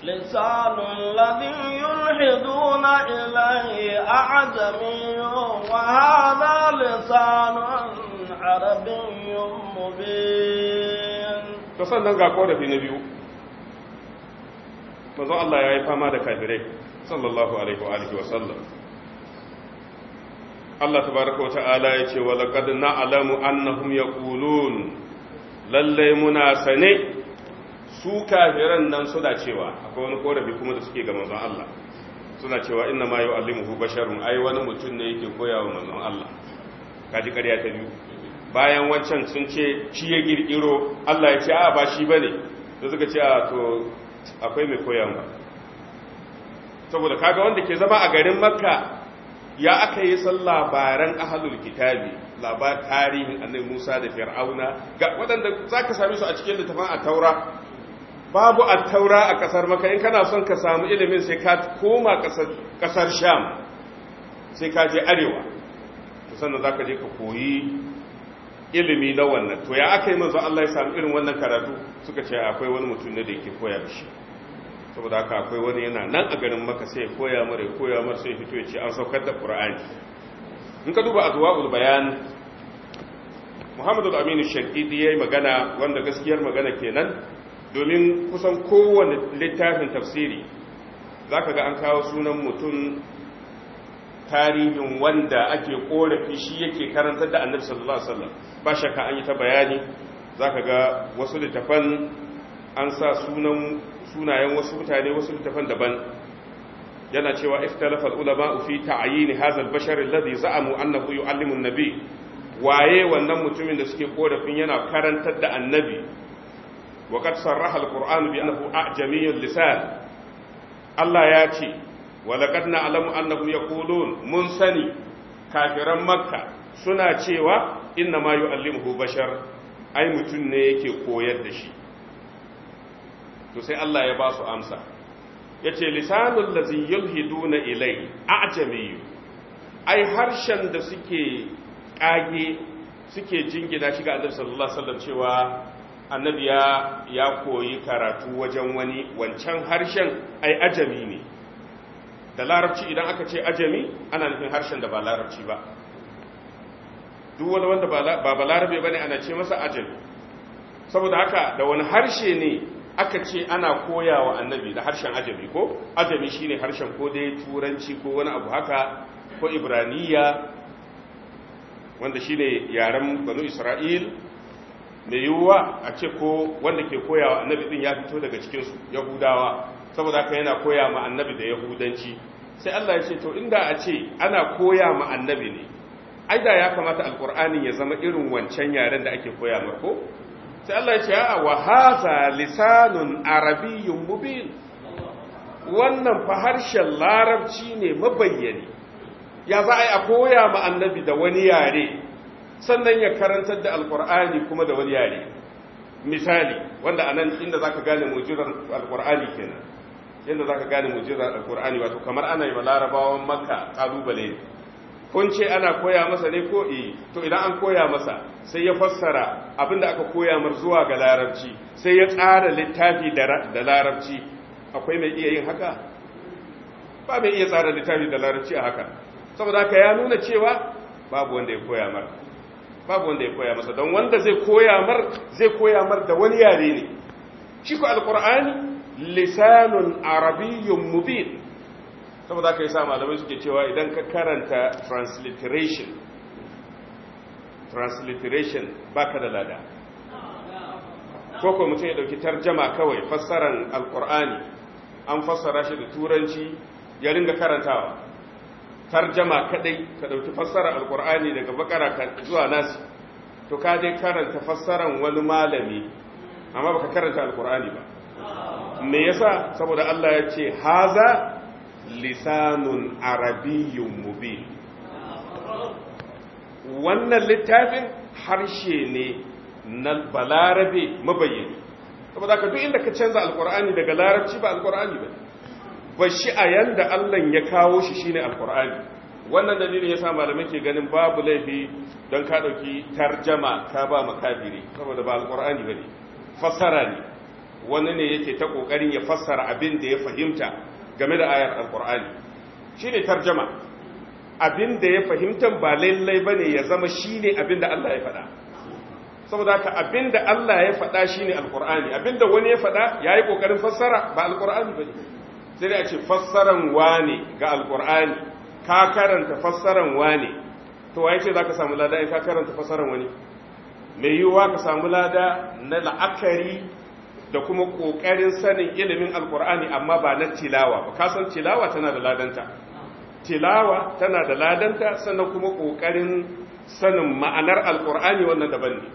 لسان الذي يلحدون إليه أعجمي وهذا لسان عربي مبين فسنن ga korafi na biyu manzo Allah ya yi fama da kafirai sallallahu alaihi wa wa sallam Allah tabaraka wa ta'ala ya ce wa alamu na'lamu annahum yaqulun lallai muna sane su kafiran nan suna cewa akwai wani korafi kuma da suke ga manzon Allah suna cewa inna ma yu'allimuhu basharun ai wani mutum ne yake koya wa manzon Allah kaji kariya ta biyu bayan wancan sun ce ci ya girgiro Allah ya ce a ba shi bane da suka ce a to akwai mai koyan ba saboda kaga wanda ke zama a garin Makka ya aka yi sallah baran ahlul kitabi labar tarihin annabi Musa da Fir'auna ga waɗanda zaka same su a cikin littafin a taura babu at-Taura a kasar Makka in kana son ka samu ilimin sai ka koma kasar Sham sai ka je arewa to sannan zaka je ka koyi ilimi na wannan to ya aka yi manzo Allah ya samu irin wannan karatu suka ce akwai wani mutum ne da yake koya da shi saboda haka akwai wani yana nan a garin maka sai ya koya mara ya koya mara sai fito ya ce an saukar da qur'ani in ka duba azwaul bayan muhammadu aminu Shaqidi yayi magana wanda gaskiyar magana kenan domin kusan kowane littafin tafsiri zaka ga an kawo sunan mutum tarihin wanda ake korafi shi yake karantar da annabi sallallahu alaihi wasallam ba shakka an yi ta bayani zaka ga wasu littafan an sa sunan sunayen wasu mutane wasu littafan daban yana cewa ikhtalafa ulama fi ta'yin hadha al-bashar alladhi za'amu annahu yu'allimu an-nabi waye wannan mutumin da suke korafin yana karantar da annabi wa qad sarraha al-qur'an bi annahu a'jamiyyul lisan Allah ya ce wa laqad na'lamu annahum yaqulun mun sani kafiran makka suna cewa inna ma yu'allimuhu bashar ai mutum ne yake koyar da shi to sai Allah ya ba su amsa yace lisanul ladzi yulhiduna ilai a'jami ai harshen da suke kage suke jingina shi ga annabi sallallahu alaihi wasallam cewa annabi ya koyi karatu wajen wani wancan harshen ai ajami ne da larabci idan aka ce ajami ana nufin harshen da ba larabci ba duk wanda ba ba larabe bane ana ce masa ajami saboda haka da wani harshe ne aka ce ana koyawa annabi da harshen ajami ko ajami shine harshen ko dai turanci ko wani abu haka ko ibraniya wanda shine yaren banu isra'il mai yiwuwa a ce ko wanda ke koyawa annabi din ya fito daga cikinsu yahudawa saboda haka yana koya ma annabi da yahudanci sai allah ya ce to inda a ce ana koya ma annabi ne ai da ya kamata alkur'anin ya zama irin wancan yaren da ake koya ko sai Allah ya ce a wa haza lisanun arabiyyun mubin wannan fa harshen larabci ne mabayyani ya za a yi a koya ma annabi da wani yare sannan ya karantar da alkur'ani kuma da wani yare misali wanda a nan inda za ka gane mujirar alkur'ani kenan inda za ka gane mujirar alkur'ani wato kamar ana yi ma larabawan maka ƙalubale kun ce ana koya masa ne ko eh to idan an koya masa sai ya fassara abinda aka koya mar zuwa ga larabci sai ya tsara littafi da larabci akwai mai iya yin haka ba mai iya tsara littafi da larabci a haka saboda haka ya nuna cewa babu wanda ya koya mar babu wanda ya koya masa don wanda zai koya mar zai koya mar da wani yare ne shi ko alqur'ani lisanun arabiyyun mubin saboda ka yi sa malamai suke cewa idan ka karanta transliteration transliteration baka da lada ko ko mutum ya dauki tarjama kawai fassaran alkur'ani an fassara shi da turanci ya ringa karantawa tarjama kadai ka dauki fassarar alkur'ani daga bakara zuwa nasi to ka dai karanta fassaran wani malami amma baka karanta alkur'ani ba me yasa saboda Allah ya ce haza lisanun arabiyyun mubi wannan littafin harshe ne na balarabe mabayyani saboda ka duk inda ka canza alkur'ani daga larabci ba alkur'ani ba ba shi a yanda Allah ya kawo shi shine alkur'ani wannan dalilin ya yasa malamai ke ganin babu laifi don ka ɗauki tarjama ta ba makabiri saboda ba alkur'ani ne. fassara ne wani ne yake ta ƙoƙarin ya fassara abin da ya fahimta game da ayar alkur'ani shine tarjama abin da ya fahimtar ba lallai bane ya zama shine abin da Allah ya faɗa saboda ka abin da Allah ya faɗa shine alkur'ani abin da wani ya faɗa yi kokarin fassara ba alkur'ani ne sai dai a ce fassaran wane ga alkur'ani ka karanta fassaran wane to waye ce ka samu lada in ka karanta fassaran wani mai yiwuwa ka samu lada na la'akari da kuma ƙoƙarin sanin ilimin alkur'ani amma ba na tilawa ba kasan tilawa tana da ladanta tilawa tana da ladanta sannan kuma ƙoƙarin sanin ma'anar alkur'ani wannan daban ne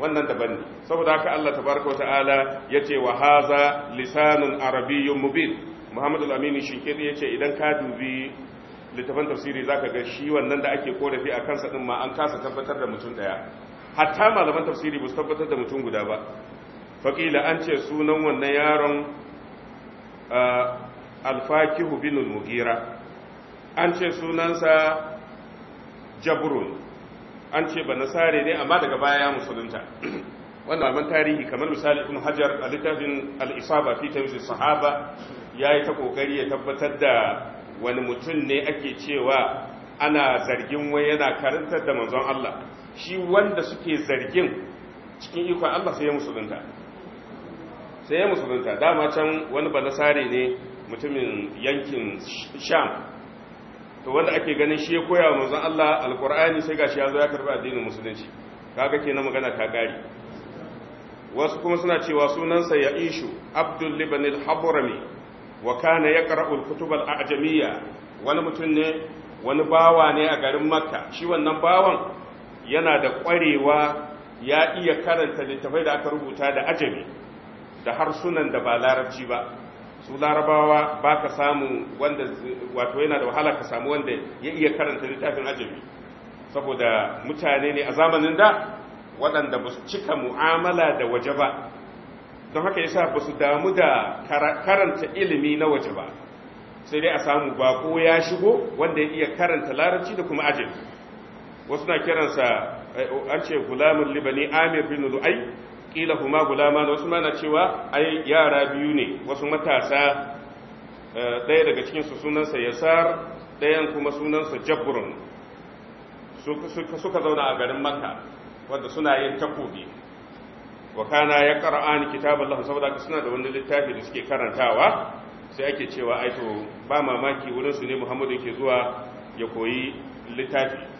wannan daban ne saboda haka Allah tabaraka ta'ala yace wa haza lisanun arabiyyun mubin Muhammadu al-Amin Shinkiri yace idan ka dubi littafin tafsiri zaka ga shi wannan da ake korafi a kansa din ma an kasa tabbatar da mutum daya hatta malaman tafsiri ba su tabbatar da mutum guda ba faƙila an ce sunan wannan yaron alfakihu binul mugira an ce sunansa jabrun an ce ba nasare ne amma daga baya ya musulunta wannan abin tarihi kamar misali ibn hajar a littafin al'isaba fi sahaba ya yi ta ƙoƙari, ya tabbatar da wani mutum ne ake cewa ana zargin wai yana karantar da manzon Allah shi wanda suke zargin cikin ikon Allah sai ya musulunta sai ya musulunta dama can wani nasari ne mutumin yankin sham to wanda ake ganin shi ya koya wa manzon Allah alqur'ani sai shi ya zo ya karba addinin musulunci kaga kenan magana ta gari wasu kuma suna cewa sunansa ya ishu abdul liban al-habrami wa kana yaqra'u al-kutub al-ajamiyya wani mutum ne wani bawa ne a garin makka shi wannan bawan yana da kwarewa ya iya karanta littafai da aka rubuta da ajami da harsunan da ba larabci ba su larabawa ba ka samu wanda wato yana da wahala ka samu wanda ya iya karanta littafin ajabi saboda mutane ne a zamanin da waɗanda ba su cika mu'amala da waje ba don haka yasa ba su damu da karanta ilimi na waje ba sai dai a samu bako ya shigo wanda ya iya karanta larabci da kuma ajabi wasu na kiransa eh, an ce gulamun libani amir bin lu'ai kila huma gulama da wasu mana cewa ai yara biyu ne wasu matasa eh, ɗaya daga cikinsu sunansa yasar ɗayan kuma sunansa jabrun suka zauna a garin maka wanda suna yin takobi wa kana ya ƙara'ani kitabun saboda ka suna da wani littafi da suke karantawa sai ake cewa aito ba mamaki wurinsu ne muhammadu ke zuwa ya koyi littafi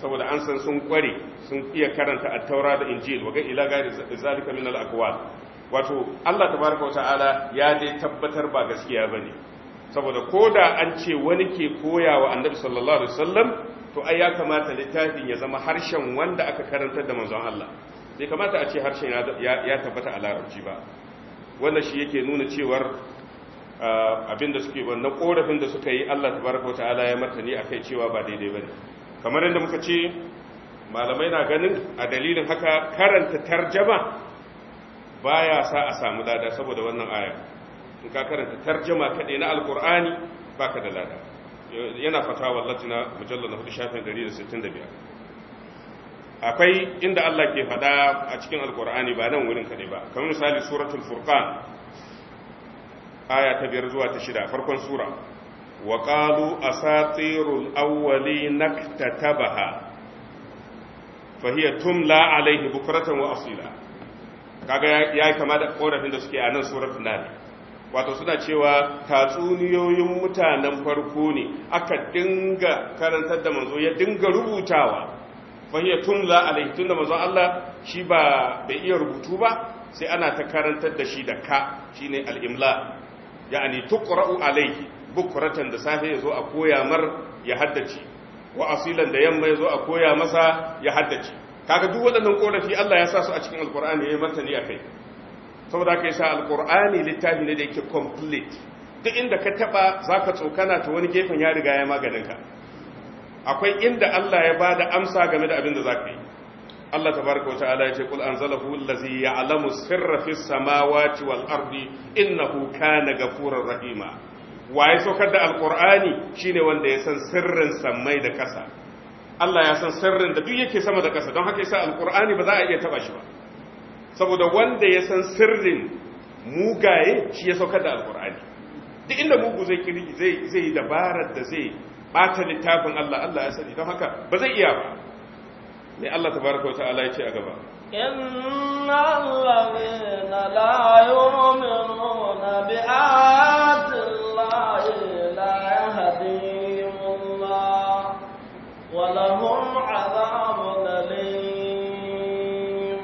saboda an san sun kware sun iya karanta a taura da injil wa ga ila gari zalika min al-aqwal wato Allah tabaraka wa ta'ala ya dai tabbatar ba gaskiya bane saboda koda an ce wani ke koyawa annabi sallallahu alaihi wasallam to ai ya kamata littafin ya zama harshen wanda aka karantar da manzon Allah bai kamata a ce harshen ya tabbata a larabci ba wannan shi yake nuna cewar ah, abinda suke wannan korafin da suka yi Allah tabaraka wa ta'ala ya martani akai cewa ba daidai bane kamar yadda muka ce malamai na ganin a dalilin haka karanta tarjama baya sa a samu lada saboda wannan aya in ka karanta tarjama kaɗe na alkur'ani baka da lada yana fatawa latina mujallar na hudu shafin 165 akwai inda Allah ke fada a cikin alkur'ani ba nan wurin kaɗe ba kamar misali suratul furqan aya ta biyar zuwa ta shida farkon sura وقالوا أساطير asatirul awwalin فهي fahiya عليه بكرة وأصيلا kaga ya kama da korafin da suke a nan surat nan wato suna cewa tatsuniyoyin mutanen farko ne aka dinga karantar da manzo ya dinga rubutawa fahiya tumla alaihi tunda manzo Allah shi ba bai iya rubutu ba sai ana ta karantar da shi da ka shine al-imla yani tuqra'u alaihi bukuratan da safe ya zo a koya mar ya haddace wa asilan da yamma ya zo a koya masa ya haddace kaga duk waɗannan korafi Allah ya sa su a cikin alkur'ani ya yi martani a kai saboda ka yasa alkur'ani littafi ne da yake complete duk inda ka taba zaka tsokana ta wani gefen ya riga ya maganin ka akwai inda Allah ya bada amsa game da abin da zaka yi Allah tabaraka wata'ala ya ce kul anzalahu allazi ya'lamu sirra fis samawati wal ardi innahu kana ghafurur rahima Wa ya saukar da alkur'ani ne wanda ya san sirrin sammai da ƙasa Allah ya san sirrin da duk yake sama da ƙasa don haka yasa alkur'ani ba za a iya taba shi ba saboda wanda ya san sirrin mugaye shi ya saukar da alkur'ani duk inda mugu zai kirki zai zai yi dabarar da zai bata littafin Allah Allah ya sani don haka ba zai iya ba ne Allah tabaraka wa ta'ala ya ce a gaba السبائل لا يهديهم الله ولهم عذاب أليم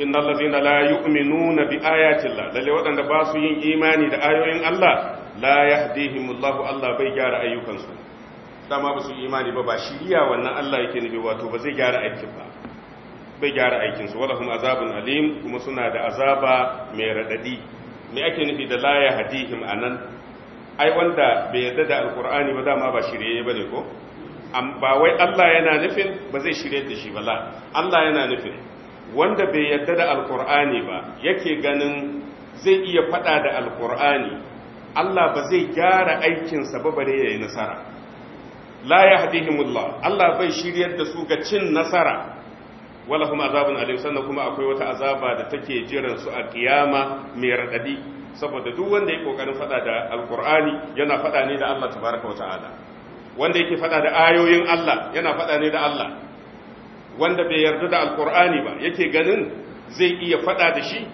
إن الذين لا يؤمنون بآيات الله للي ودن باسوين إيماني دا آيوين الله لا يهديهم الله الله بيجار أيوكا سنة ba su imani ba ba shiriya wannan Allah yake nufi wato ba zai gyara aikin ba bai gyara aikinsu wala kuma azabun alim kuma suna da azaba mai raɗaɗi, me ake nufi da la ya hadihim ai wanda bai yarda da alkur'ani ba dama ba shirye ba ne ko ba wai Allah yana nufin ba zai shirye da shi ba Allah yana nufin wanda bai yarda da alkur'ani ba yake ganin zai iya fada da alkur'ani Allah ba zai gyara aikinsa ba bare yayin nasara la yahdihimullah Allah bai shiryar da su ga cin nasara wala kuma azabun alim sannan kuma akwai wata azaba da take jiran su a kiyama mai radadi saboda duk wanda ya kokarin fada da alkur'ani yana fada ne da Allah tabaraka wa ta'ala wanda yake fada da ayoyin Allah yana fada ne da Allah wanda bai yarda da alkur'ani ba yake ganin zai iya fada da shi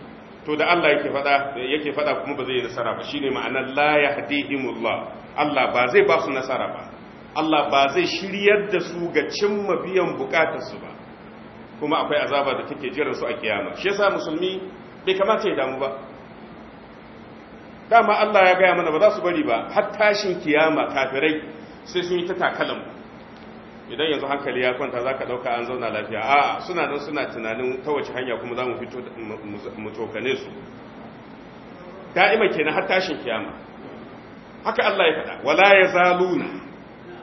to da Allah yake fada yake fada kuma ba zai yi nasara ba shine ma'anar la yahdihimullah Allah ba zai ba su nasara ba Allah ba zai shiryar da su ga cimma biyan bukatarsu ba kuma akwai azaba da take jiran su a kiyama shi yasa musulmi bai kamata ya damu ba dama Allah ya gaya mana ba za su bari ba har tashin kiyama kafirai sai sun yi ta takalan idan yanzu hankali ya kwanta za ka ɗauka an zauna lafiya a suna nan suna tunanin ta wace hanya kuma za mu fito mu tokane su da'ima kenan har tashin kiyama haka Allah ya faɗa wala ya zaluna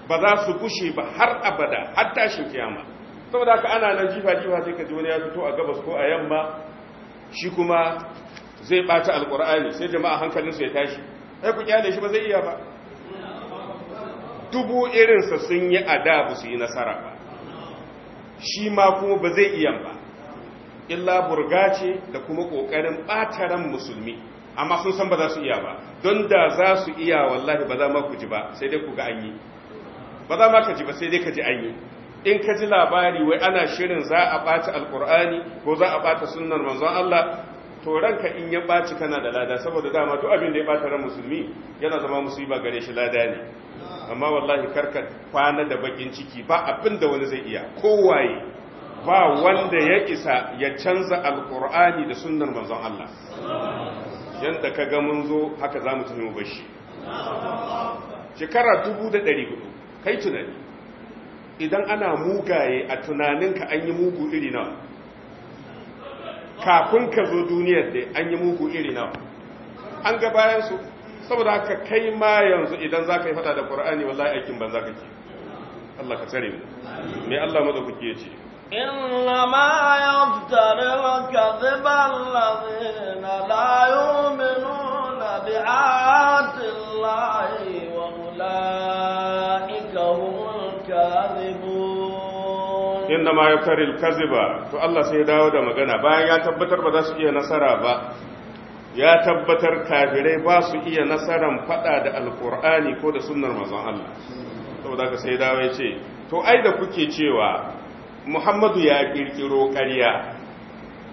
ba za su kushe ba har abada har tashin kiyama saboda haka ana nan jifa jifa sai ka ji wani ya fito a gabas ko a yamma shi kuma zai bata alkur'ani sai jama'a hankalinsu ya tashi ai ku kyale shi ba zai iya ba dubu irinsa sun yi adabu su yi nasara ba shi ma kuma ba zai iya ba illa burga ce da kuma ƙoƙarin ɓataren musulmi amma sun san ba za su iya ba don da za su iya wallahi ba za ma ku ji ba sai dai ku ga an ba za ma ka ji ba sai dai ka ji an in ka ji labari wai ana shirin za a ɓata alƙur'ani ko za a ɓata sunnar manzon Allah to in ya ɓaci kana da lada saboda dama duk abin da ya ɓata ran musulmi yana zama musiba gare shi lada ne amma wallahi karka kwana da bakin ciki ba abin da wani zai iya kowaye ba wanda ya isa ya canza alkur'ani da sunnar manzon Allah yanda ka ga mun zo haka za mu tuno bashi shekara 1400 kai tunani idan ana mugaye a tunaninka an yi mugu iri nawa kafin ka zo duniyar da an yi muku iri na an ga bayan su saboda haka kai ma yanzu idan za ka yi fata da ƙur'ani wallahi aikin ban za ka ke Allah ka tsare ke me Allah ma ya ce إنما يفتر الكذب الذين لا يؤمنون wa الله وأولئك هم الكاذبون inda ma faril kaziba to Allah sai ya dawo da magana bayan ya tabbatar ba za su iya nasara ba ya tabbatar kafirai ba su iya nasaran fada da alkur'ani ko da sunnar manzon Allah saboda ka sai dawo ya ce to ai da kuke cewa Muhammadu ya kirkiro ƙarya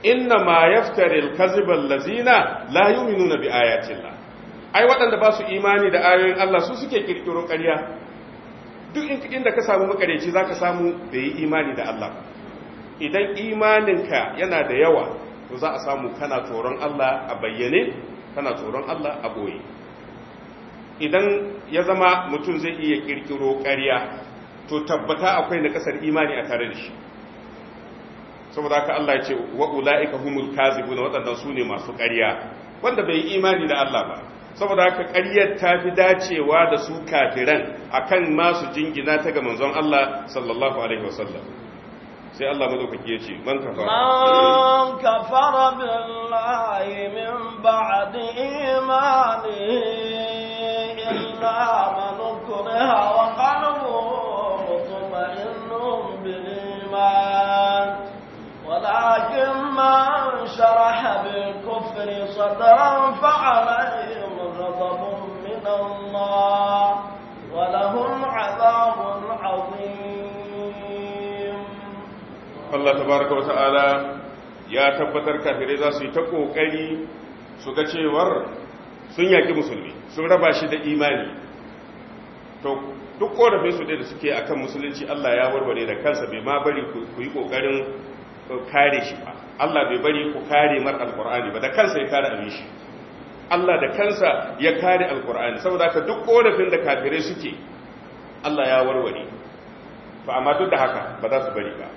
inna ma yaftaril kaziba allazina la yu'minuna bi ayatillah ai waɗanda ba su imani da ayoyin Allah su suke kirkiro ƙarya duk da ka samu makareci za ka samu da yi imani da Allah idan imaninka yana da yawa to za a samu kana tsoron Allah a bayyane kana tsoron Allah a boye idan ya zama mutum zai iya kirkiro ƙarya to tabbata akwai na kasar imani a tare da shi saboda haka Allah ya ce wa ula'ika humul kazibuna waɗannan su ne masu ƙarya wanda bai yi imani da Allah ba saboda haka ƙaryar ta fi dacewa da su kafiran akan masu jingina ta ga manzon Allah sallallahu alaihi wasallam sai Allah madaukaki ya ce man kafara man kafara billahi min ba'di imani illa man ukriha wa qalbuhu mutma'innun bil iman ولكن من شرح بالكفر صدرا فعليهم غضب من الله ولهم عذاب عظيم الله تبارك وتعالى ya tabbatar كافر za سيتقو yi ta ƙoƙari su ga cewar sun yaƙi musulmi sun raba shi da imani to duk ƙorafin su da suke akan musulunci Allah ya warware da kansa bai ma bari ku yi ƙoƙarin uh, kare shi ba Allah bai bari ku kare mar alƙur'ani ba da kansa ya kare abin shi Allah da kansa ya kare alkur'ani saboda haka duk korafin da kafire suke Allah ya warware fa amma duk da haka ba za su bari ba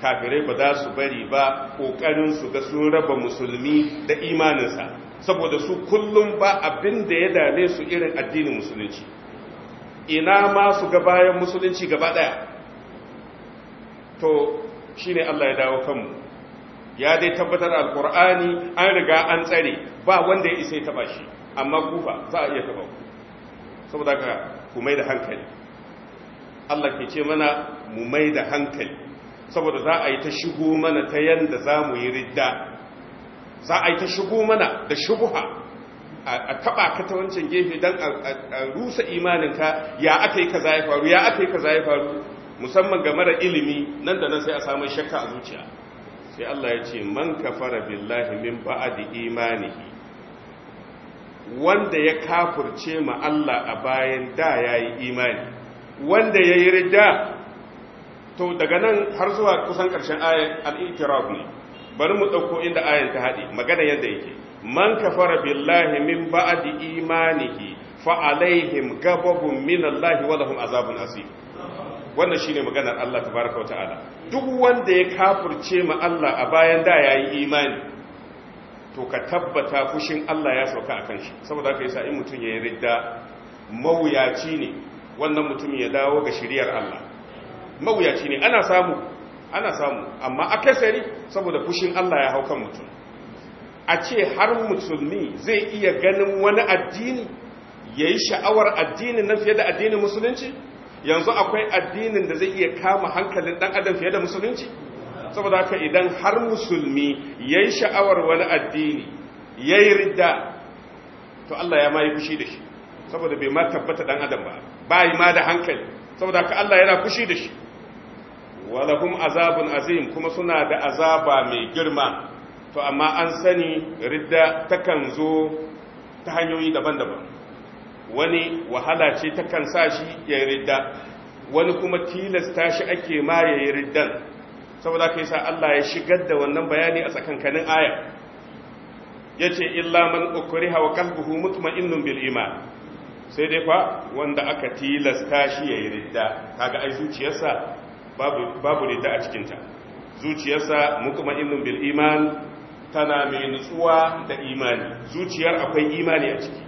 kafirai ba za su bari ba kokarin su ga sun raba musulmi da imaninsa saboda su kullum ba abin da ya dame su irin addinin musulunci ina ma su ga bayan musulunci gaba daya to shine Allah ya dawo kanmu ya dai tabbatar alkur'ani an riga an tsare ba wanda ya isa ya taba shi amma kufa za a iya taba ku saboda ka ku mai da hankali Allah ke ce mana mu mai da hankali saboda za a yi ta shigo mana ta yanda za mu yi ridda za a yi ta shigo mana da shubuha a taba ka ta wancan gefe don a rusa imaninka ya aka yi kaza ya faru ya aka yi kaza ya faru musamman ga mara ilimi nan da nan sai a samun shakka a zuciya sai Allah ya ce man kafara billahi min ba'di imanihi wanda ya kafurce ma Allah a bayan da yayi imani wanda yayi ridda to daga nan har zuwa kusan karshen ayat al-itiraf ne bari mu dauko inda ayan ta hadi magana yadda yake man kafara billahi min ba'di imanihi fa alaihim ghadabun min Allah wa lahum azabun asim wannan shine maganar Allah tabaraka wata'ala duk wanda ya kafirce ma Allah a bayan da yayi imani to ka tabbata fushin Allah ya sauka akan shi saboda haka yasa in mutum ya ridda mawuyaci ne wannan mutum ya dawo ga shiriyar Allah mawuyaci ne ana samu ana samu amma akasari saboda fushin Allah ya hau kan mutum a ce har musulmi zai iya ganin wani addini yayi sha'awar addini na fiye da addinin musulunci yanzu akwai addinin da zai iya kama hankalin dan adam fiye da musulunci saboda haka idan har musulmi yayi sha'awar wani addini yayin ridda to Allah ya mai fushi da shi saboda bai ma tabbata dan adam ba bai ma da hankali saboda haka Allah yana fushi da shi walahum azabun azim kuma suna da azaba mai girma to amma an sani ridda takan zo ta hanyoyi daban-daban wani wahala ce ta kan sa shi ya ridda wani kuma tilasta shi ake ma ya yi riddan saboda ka sa Allah ya shigar da wannan bayani a tsakankanin aya yace illa man ukriha wa qalbuhu mutma'innun bil iman sai dai fa wanda aka tilasta shi ya yi ridda kaga ai zuciyarsa babu babu ridda a cikin ta zuciyarsa mutma'innun bil iman tana mai nutsuwa da imani zuciyar akwai imani a ciki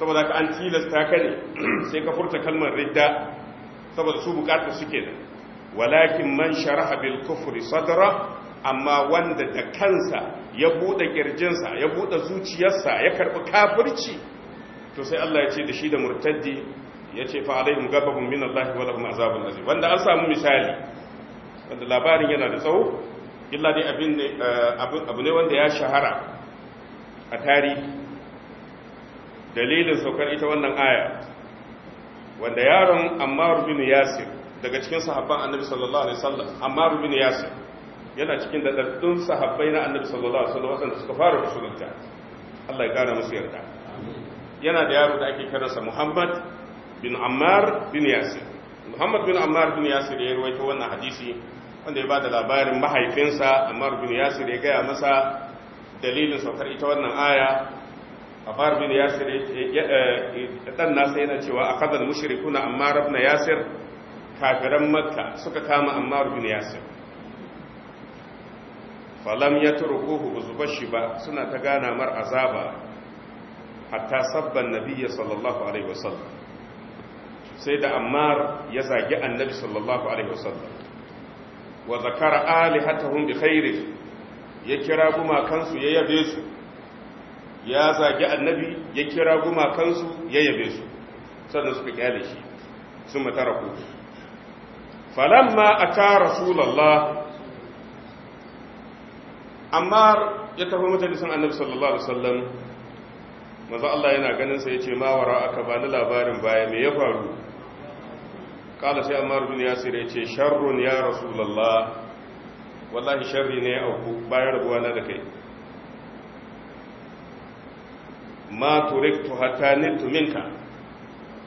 saboda ka an tilasta ka ne sai ka furta kalmar ridda saboda su bukatar suke da walakin man sharaha bil kufri sadra amma wanda da kansa ya bude kirjinsa ya bude zuciyarsa ya karbi kafirci to sai Allah ya ce da shi da murtaddi ya ce fa alaihim ghadabun min Allah wa lahum azabun azim wanda an samu misali wanda labarin yana da tsawo illa dai abin eh, abu ne wanda ya shahara a tarihi dalilin saukar ita wannan aya wanda yaron ammar bin yasir daga cikin sahabban annabi sallallahu alaihi wasallam ammar bin yasir yana cikin dadun sahabbai na annabi sallallahu alaihi wasallam wanda suka fara musulunta Allah ya kara musu yarda yana da yaro da ake kiransa Muhammad bin Ammar bin Yasir Muhammad bin Ammar bin Yasir ya rawaito wannan hadisi wanda ya bada labarin mahaifinsa Ammar bin Yasir ya gaya masa dalilin saukar ita wannan aya afar bin yasir eh, dan nasa yana cewa a akadal mushrikuna ammar ibn yasir kafiran makka suka kama ammar bin yasir falam ya yatrukuhu uzubashi ba suna ta gana mar azaba hatta sabban nabiyyi sallallahu alaihi wasallam sai da ammar ya zagi annabi sallallahu alaihi wasallam wa zakara alihatahum bi khairi ya kira gumakansu ya yabe su ya zagi annabi ya kira gumakansu ya yabe su sannan suka kyale shi sun mata raku falamma a ta rasulallah amma ya tafi majalisan annabi sallallahu alaihi wasallam maza Allah yana ganin sa yace ma wara aka bani labarin baya mai ya faru kala sai Ammar bin Yasir yace sharrun ya rasulullah wallahi sharri ne ya auku bayan rabuwa na da kai ma turiktu hatta niltu minka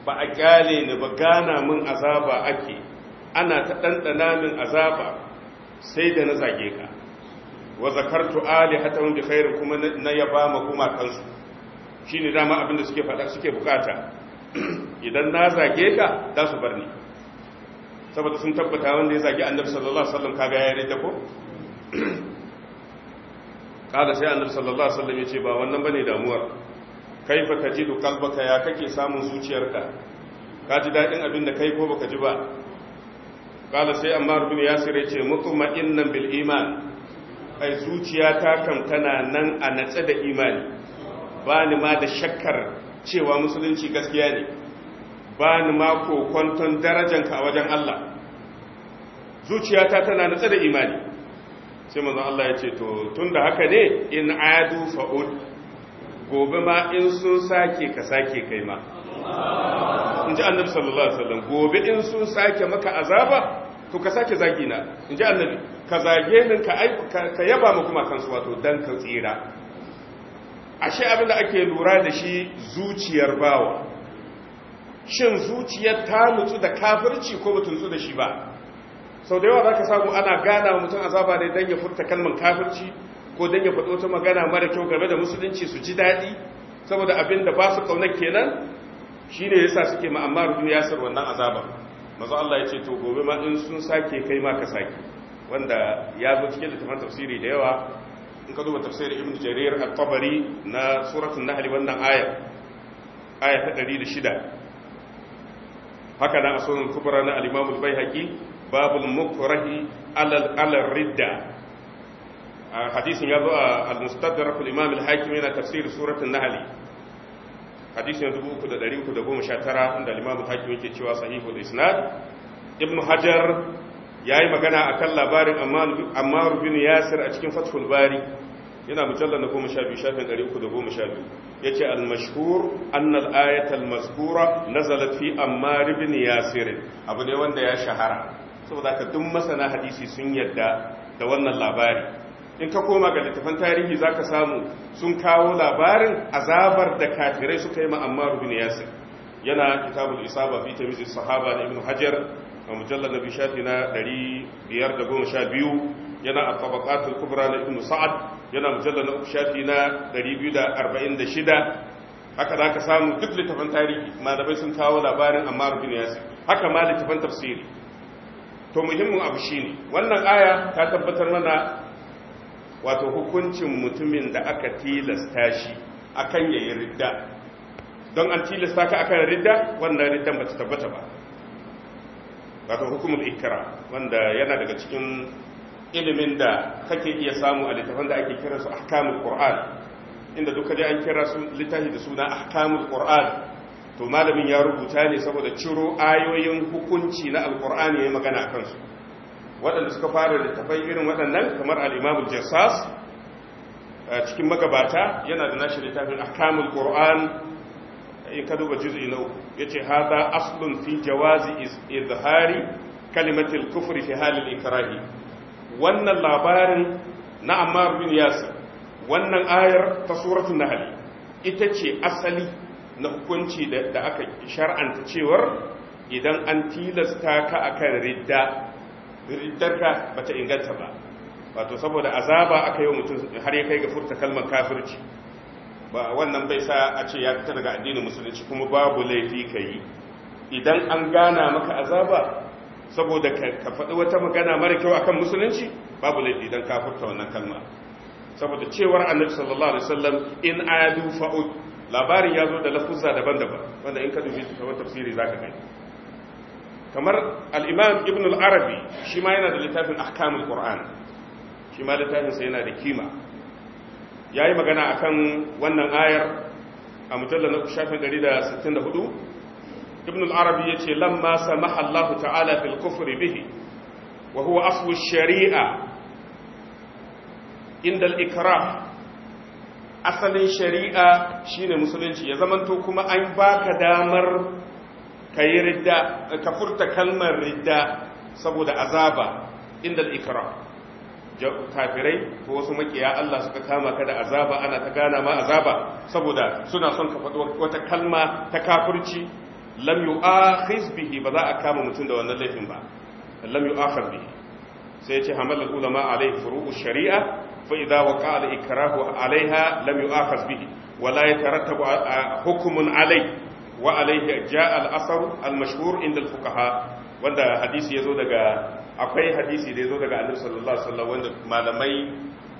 ba a kyale ni ba gana min azaba ake ana ta dandana min azaba sai da na zage ka wa zakartu ali hatta bi khairin kuma na yaba ma kuma kansu shine dama abin da suke fada suke bukata idan na zage ka za su bar ni saboda sun tabbata wanda ya zage annabi sallallahu alaihi wasallam kaga ya rida ko kada sai annabi sallallahu alaihi wasallam ya ce ba wannan bane damuwar kai ba ka ji kalbaka ya kake samun zuciyarka ka ji daɗin abin da kai ko baka ji ba kala sai amma bin ya sire ce mutuma innan bil iman ai zuciya ta kan tana nan a natsa da imani ba ni ma da shakkar cewa musulunci gaskiya ne ba ni ma kokwanton darajanka a wajen Allah zuciyata tana natsa da imani sai manzon Allah ya ce to tunda haka ne in adu fa'ud gobe ma in sun sake ka sake kai ma in ji annabi sallallahu alaihi wasallam gobe in sun sake maka azaba to ka sake zagi na in ji annabi ka zage ni ka yaba mu kuma kansu wato dan ka tsira ashe abin da ake lura da shi zuciyar bawa shin zuciyar ta nutsu da kafirci ko bata nutsu da shi ba sau da yawa za ka samu ana gana mutum azaba ne don ya furta kalmar kafirci ko don ya faɗi wata magana mara kyau game da musulunci su ji daɗi saboda abin da ba su ƙaunar kenan shi ne ya sa suke ma'amma rubu yasar wannan azabar mazu Allah ya ce to gobe ma in sun sake kai ma ka sake wanda ya zo cikin littafin tafsiri da yawa in ka duba tafsirin ibn jarir al-tabari na suratul nahl wannan aya aya ta 106 haka na asunan kubra na al-imam al-baihaqi babul mukrahi alal alal ridda hadisin ya zo a al-mustadrak al-imam al-hakim yana tafsir suratul nahl hadisin 3319 inda al-imam al-hakim yake cewa sahihul isnad ibn hajar yayi magana akan labarin ammar bin yasir a cikin fathul bari yana mujallal na 12 shafin 312 yace al-mashhur anna al-ayat al-mazkura nazalat fi ammar bin yasir abu ne wanda ya shahara saboda ka duk masana hadisi sun yadda da wannan labari in ka koma ga littafin tarihi za ka samu sun kawo labarin azabar da kafirai suka yi ma Ammar bin Yasir yana kitabul isaba fi tamyiz sahaba da ibn hajar a mujallar nabi shafi na 512 yana a tabaqatul kubra na ibn sa'ad yana mujallar na shafi na 246 haka za ka samu duk littafin tarihi malamai sun kawo labarin ammar bin yasir haka ma littafin tafsiri to muhimmin abu shine wannan aya ta tabbatar mana wato hukuncin mutumin da aka tilasta shi akan yayi ridda don an tilasta ka akan ridda wannan riddan ba ta tabbata ba wato hukumul ikra wanda yana daga cikin ilimin da kake iya samu a littafin da ake kira su ahkamul qur'an inda duka dai an kira su littafi da suna ahkamul qur'an to malamin ya rubuta ne saboda ciro ayoyin hukunci na alqur'ani yayin magana akan su waɗanda suka fara littafai irin waɗannan kamar al'imamu jassas cikin magabata yana da nashi littafin akamul ƙor'an in ka duba ya ce haza aslun fi jawazi izhari kalimatin kufuri fi halin ikirahi wannan labarin na ammar bin yasir wannan ayar ta suratun nahali ita ce asali na hukunci da aka shar'anta cewar idan an tilasta ka akan ridda riddarka ta inganta ba wato saboda azaba aka yi mutum har ya kai ga furta kalmar kafirci ba wannan bai sa a ce ya fita daga addinin musulunci kuma babu laifi ka yi idan an gana maka azaba saboda ka faɗi wata magana mara kyau akan musulunci babu laifi idan ka furta wannan kalma saboda cewar annabi sallallahu alaihi wasallam in ayadu fa'ud labarin ya zo da lafuzza daban-daban wanda in ka dubi su kamar tafsiri zaka gani kamar al-imam ibn al-arabi shi ma yana da littafin ahkamul qur'an shi ma littafinsa yana da kima yayi magana akan wannan ayar a mujallar na shafin 164 ibn al-arabi ce, lamma samaha Allah ta'ala fil kufri bihi wa huwa sharia inda ikrah asalin shari'a shine musulunci ya zamanto kuma an baka damar ka yi ridda ka furta kalmar ridda saboda azaba inda ikra kafirai ko wasu makiya Allah suka kama ka da azaba ana ta gana ma azaba saboda suna son ka faɗi wata kalma ta kafirci lam yu'akhiz bihi ba za a kama mutum da wannan laifin ba lam yu'akhar bihi sai yace hamal ulama alai furu'u shari'a fa idza waqa'a al ikrahu alaiha lam yu'akhaz bihi wa la yatarattabu hukmun alai wa alaihi ja al al-mashhur inda al-fuqaha wanda hadisi yazo daga akwai hadisi da yazo daga Annabi sallallahu alaihi wasallam wanda malamai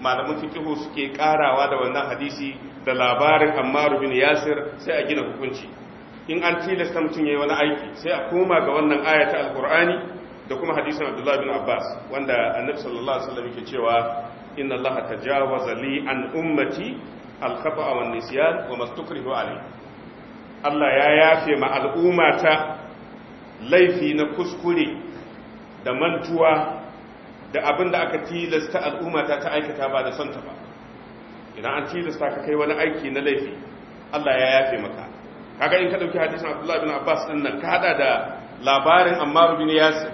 malaman fiqh suke karawa da wannan hadisi da labarin Ammar bin Yasir sai a gina hukunci in an tilasta mutum yayi wani aiki sai a koma ga wannan ayata al-Qur'ani da kuma hadisin Abdullah bin Abbas wanda Annabi sallallahu alaihi wasallam yake cewa inna Allah tajawaza li an ummati al-khata'a wan nisyan wa mastukrihu alayhi Allah ya yafe ma al'umma ta laifi na kuskure da mantuwa da abin da aka tilasta al'umma ta ta aikata ba da santa ba idan an tilasta ka kai wani aiki na laifi Allah ya yafe maka kaga in ka dauki hadisin Abdullah bin Abbas din nan ka hada da labarin Ammar bin Yasir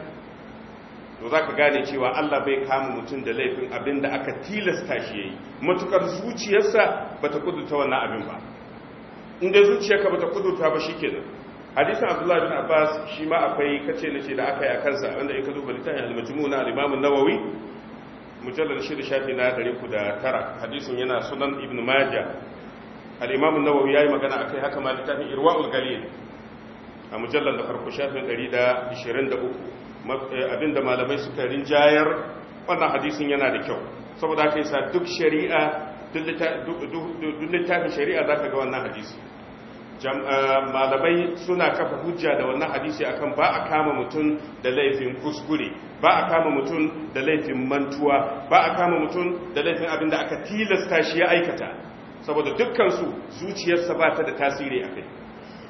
to za ka gane cewa Allah bai kama mutum da laifin abin da aka tilasta shi yayi matukar zuciyarsa bata kudu ta wannan abin ba in dai zuciyarka bata kudurta ba shikenan hadisin abdullahi bin abbas shi ma akwai kace na ce da aka yi a kansa wanda in ka duba littafin al-majmu na al-imam an-nawawi mujallal shi da shafi na 309 hadisin yana sunan ibn majah al-imam an-nawawi yayi magana akai haka ma littafin irwaul galil a mujallal da farko shafin 123 eh, abinda malamai suka rinjayar wannan hadisin yana da kyau saboda haka yasa duk shari'a duk littafin shari'a za ka ga wannan hadisi eh, malamai suna kafa hujja da wannan hadisi akan ba a kama mutum da laifin kuskure ba a kama mutum da laifin mantuwa ba a kama mutum da laifin abin da aka tilasta shi ya aikata saboda dukkansu zuciyarsa ba ta da tasiri a kai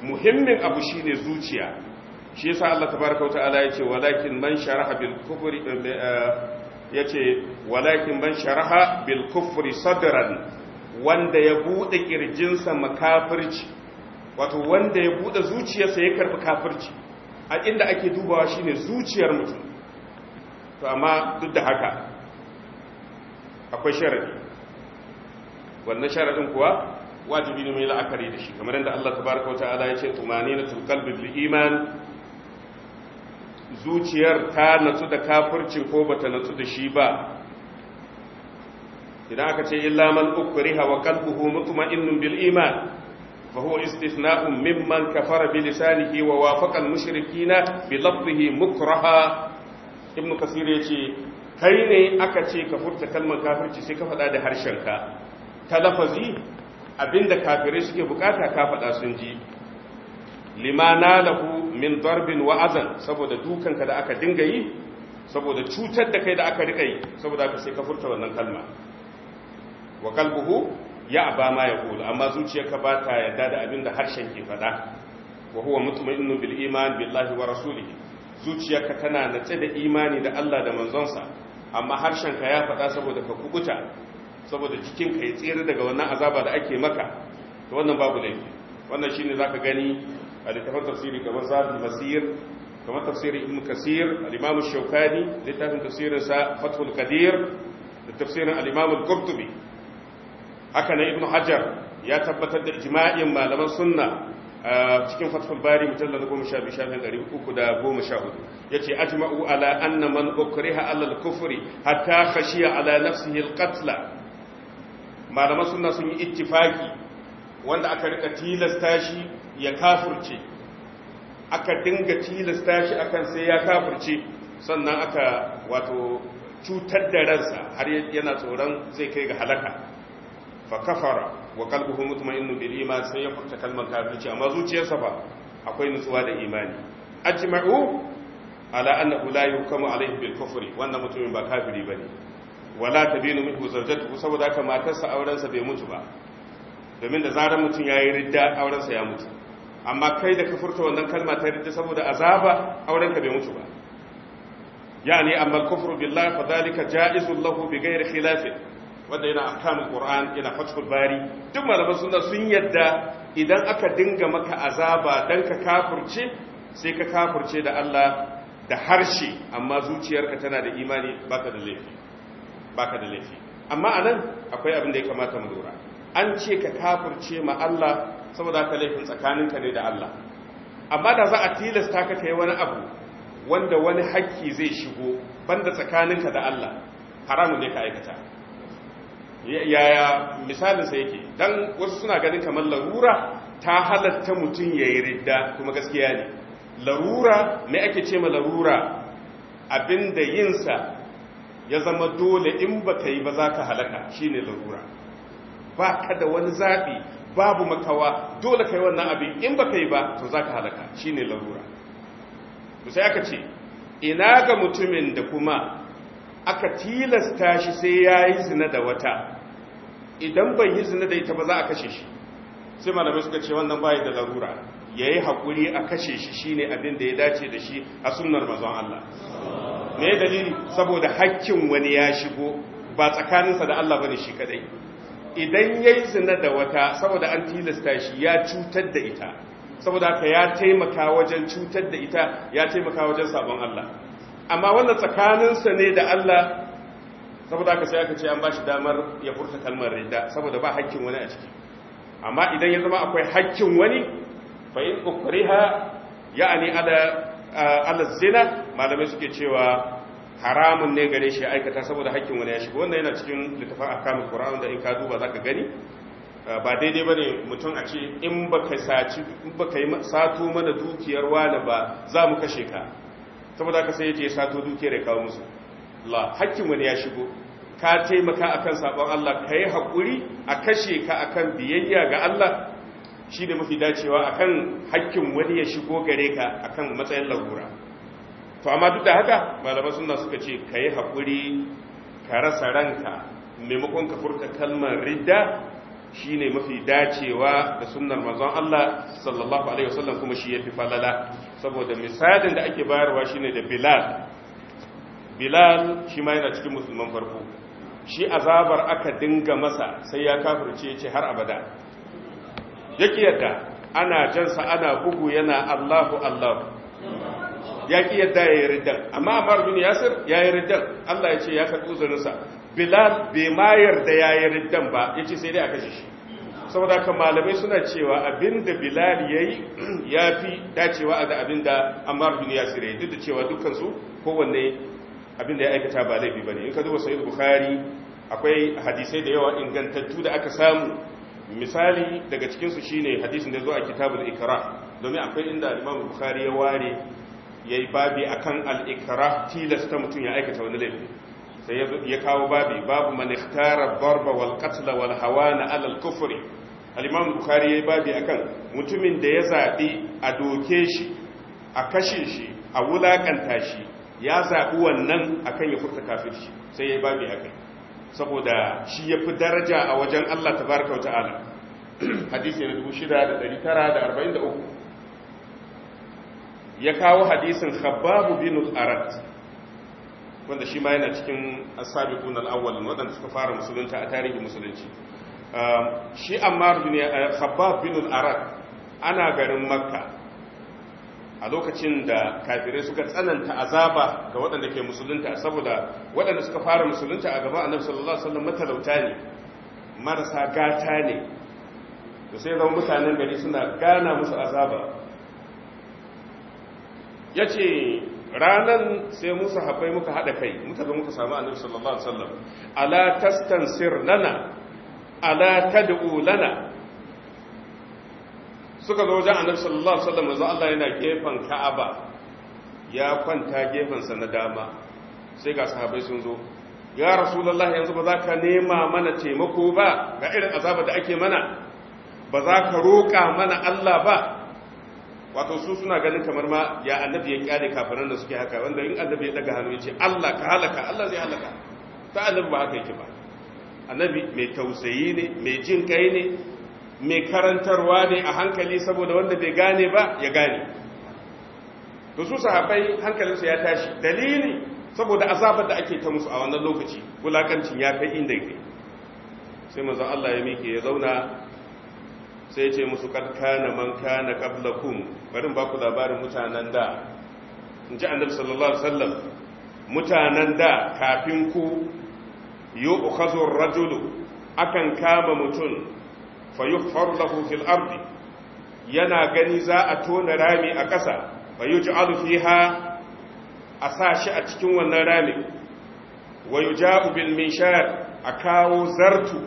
muhimmin abu shi ne zuciya shi yasa Allah tabaraka wa ala ya ce walakin man shara bil kufri eh, ya ce walakin ban sharaha bil kufri sadran wanda ya buɗe ƙirjinsa makafirci wato wanda ya buɗe zuciyarsa ya karɓi kafirci a inda ake dubawa shine zuciyar mutum to amma duk da haka akwai sharadi wannan sharadin kuwa wajibi ne mai la'akari da shi kamar yadda Allah tabaraka wa ta'ala ya ce tumaninatul qalbi bil iman zuciyar ta natsu da kafircin ko bata natsu da shi ba idan aka ce illa man ukriha wa qalbuhu mutma'innun bil iman fa huwa istithna'un mimman kafara bi lisanihi wa wafaqa al mushrikina bi lafzihi mukraha ibnu kasir yace kai ne aka ce ka furta kalmar kafirci sai ka faɗa da harshenka ta lafazi abinda kafirai suke bukata ka faɗa sun ji limana lahu min darbin wa azan saboda dukanka da aka dinga yi saboda cutar da kai da aka rika yi saboda aka sai ka furta wannan kalma wa Buhu ya aba ma yaqulu amma zuciyarka ba ta yarda da abin da harshen ke faɗa wa huwa mutmainnu bil iman billahi wa rasulihi zuciyarka tana natse da imani da Allah da manzonsa amma harshenka ya faɗa saboda ka kubuta saboda jikinka ya tsere daga wannan azaba da ake maka to wannan babu laifi wannan shine zaka gani a littafin tafsiri kamar zafin masir kamar tafsirin ibn kasir al-imam shaukani littafin tafsirin sa fathul qadir da tafsirin al-imam haka na ibn hajar ya tabbatar da ijma'in malaman sunna cikin fathul bari mujallal 12 shafin Ya ce ajma'u ala anna man ukriha ala al-kufri hatta khashiya ala nafsihi al-qatl malaman sunna sun yi ittifaki wanda aka rika tilasta shi ya kafirce aka dinga tilasta shi akan sai ya kafirce sannan aka wato cutar da ransa har yana tsoron zai kai ga halaka fa kafara wa kalbuhu mutma'innu bil iman sai ya furta kalmar kafirci amma zuciyarsa ba akwai nutsuwa da imani ajma'u ala anna la yukamu alayhi bil kufri wannan mutumin ba kafiri bane wala tabinu minhu zawjatuhu saboda haka matarsa aurensa bai mutu ba domin da zarar mutum ya yi ridda aurensa ya mutu amma kai da ka furta wannan kalma ta ridda saboda azaba aurenka bai mutu ba yani amma al-kufru billahi fa dhalika ja'izun lahu bi ghairi khilaf wanda yana ahkamul qur'an yana fathul bari duk malaman sunna sun yadda idan aka dinga maka azaba dan ka kafirce sai ka kafirce da Allah da harshe amma zuciyarka tana da imani baka da laifi baka da laifi amma anan akwai abin da ya kamata mu lura an ce ka kafirce ma Allah saboda ka laifin tsakaninka ne da Allah amma da za a tilasta ka kai wani abu wanda wani hakki zai shigo banda tsakaninka da Allah haramun ne ka aikata yaya misalin sa yake dan wasu suna ganin kamar larura ta halatta mutum yayi ridda kuma gaskiya ne larura me ake ce ma larura abinda yinsa ya zama dole in baka yi ba za ka halaka shine larura ba ka da wani zaɓi babu makawa dole ka yi wannan abin in ba ka ba to za ka halaka shi ne larura sai aka ce ina ga mutumin da kuma aka tilasta shi sai ya yi zina da wata idan bai yi zina da ita ba za a kashe shi sai malamai suka ce wannan bayi da larura ya yi haƙuri a kashe shi shi ne abin da ya dace da shi a sunar mazan Allah me dalili saboda hakkin wani ya shigo ba tsakaninsa da Allah bane shi kadai idan ya yi zina da wata saboda an tilasta shi ya cutar da ita saboda ka ya taimaka wajen cutar da ita ya taimaka wajen sabon Allah amma wannan tsakaninsa ne da Allah saboda ka sai aka ce an ba shi damar ya furta kalmar rida saboda ba hakkin wani a ciki amma idan ya zama akwai hakkin wani fa in ukriha ya'ani ala ala zina malamai suke cewa haramun ne gare shi aikata saboda hakkin wani ya shiga wannan yana cikin littafin akamun qur'an da in ka duba za ka gani eh, ba daidai ba ne mutum a ce in ba saci in yi sato mana dukiyar wani ba za mu kashe ka saboda ka sai ya ce sato dukiyar ya kawo musu la hakkin wani ya shigo ka taimaka a kan sabon Allah ka yi hakuri a kashe ka a kan biyayya ga Allah shi da mafi dacewa a kan hakkin wani ya shigo gare ka a kan matsayin lagura to amma duk da haka malaman sunna suka ce ka yi haƙuri ka rasa ranka maimakon ka furta kalmar ridda shi ne mafi dacewa da sunnar mazan Allah sallallahu alaihi wasallam kuma shi ya fi falala saboda misalin da ake bayarwa shi ne da bilal bilal shi ma yana cikin musulman farko shi azabar aka dinga masa sai ya kafirce ce har abada yake yadda ana jansa ana bugu yana Allahu Allahu ya ki yadda ya yi riddan amma Ammar bin Yasir ya yi riddan Allah ya ce ya karɓi uzurinsa Bilal bai ma yarda ya yi riddan ba ya ce sai dai a kashe shi saboda haka malamai suna cewa abinda Bilal ya yi ya fi dacewa da abinda Ammar bin Yasir ya yi duk da cewa dukkansu kowanne abinda ya aikata ba laifi ba ne in ka duba Sahih Bukhari akwai hadisai da yawa ingantattu da aka samu misali daga cikinsu shine hadisin da zo a kitabul ikra domin akwai inda imamu bukhari ya ware ya yi babi a kan al'ikara tilasta mutum ya aikata wani laifin. sai ya kawo babi babu maniktara barba wal katla wal hawa na alal kufuri al'imam bukari ya yi babi a kan mutumin da ya zaɓi a doke shi a kashe shi a wulaƙanta shi ya zaɓi wannan a kan ya furta kafin shi sai ya yi babi a kai saboda shi ya fi daraja a wajen allah ta wa ta'ala hadisi na 6943 ya kawo hadisin khabbab bin arat wanda shi ma yana cikin as-sabiqun al wadanda suka fara musulunta a tarihin musulunci um, shi ammar bin uh, khabbab bin arat ana garin makka a lokacin da kafirai suka tsananta azaba ga waɗanda ke musulunta saboda waɗanda suka fara musulunta a gaba annabi sallallahu alaihi wasallam matalauta ne marasa gata ne da sai zama mutanen gari suna gana musu azaba ya ce ranan sai musu haifai muka haɗa kai muka zo muka samu annabi sallallahu alaihi wasallam ala tastansir lana ala tad'u lana suka zo wajen annabi sallallahu alaihi wasallam manzo Allah yana gefen Ka'aba ya kwanta gefen sa na dama sai ga sahabbai sun zo ya rasulullahi yanzu ba za ka nema mana taimako ba ga irin azaba da ake mana ba za ka roƙa mana Allah ba wato su suna ganin kamar ma ya annabi ya kyale kafiran da suke haka wanda in annabi ya daga hannu ya ce Allah ka halaka Allah zai halaka ta annabi ba haka yake ba annabi mai tausayi ne mai jin kai ne mai karantarwa ne a hankali saboda wanda bai gane ba ya gane to su sahabbai hankalinsu ya tashi dalili saboda azabar da ake ta musu a wannan lokaci wulakancin ya kai inda yake sai manzon Allah ya mike ya zauna sai ce musu manka na kana qablakum barin ba ku labarin mutanen da in ji annabi sallallahu alaihi wasallam mutanen da kafin ku yu'khazu rajulu akan kama mutun fayuhfaru lahu fil ardi yana gani za a tona rami a ƙasa fayuj'alu fiha a sa shi a cikin wannan rami wayuja'u bil minshar a kawo zartu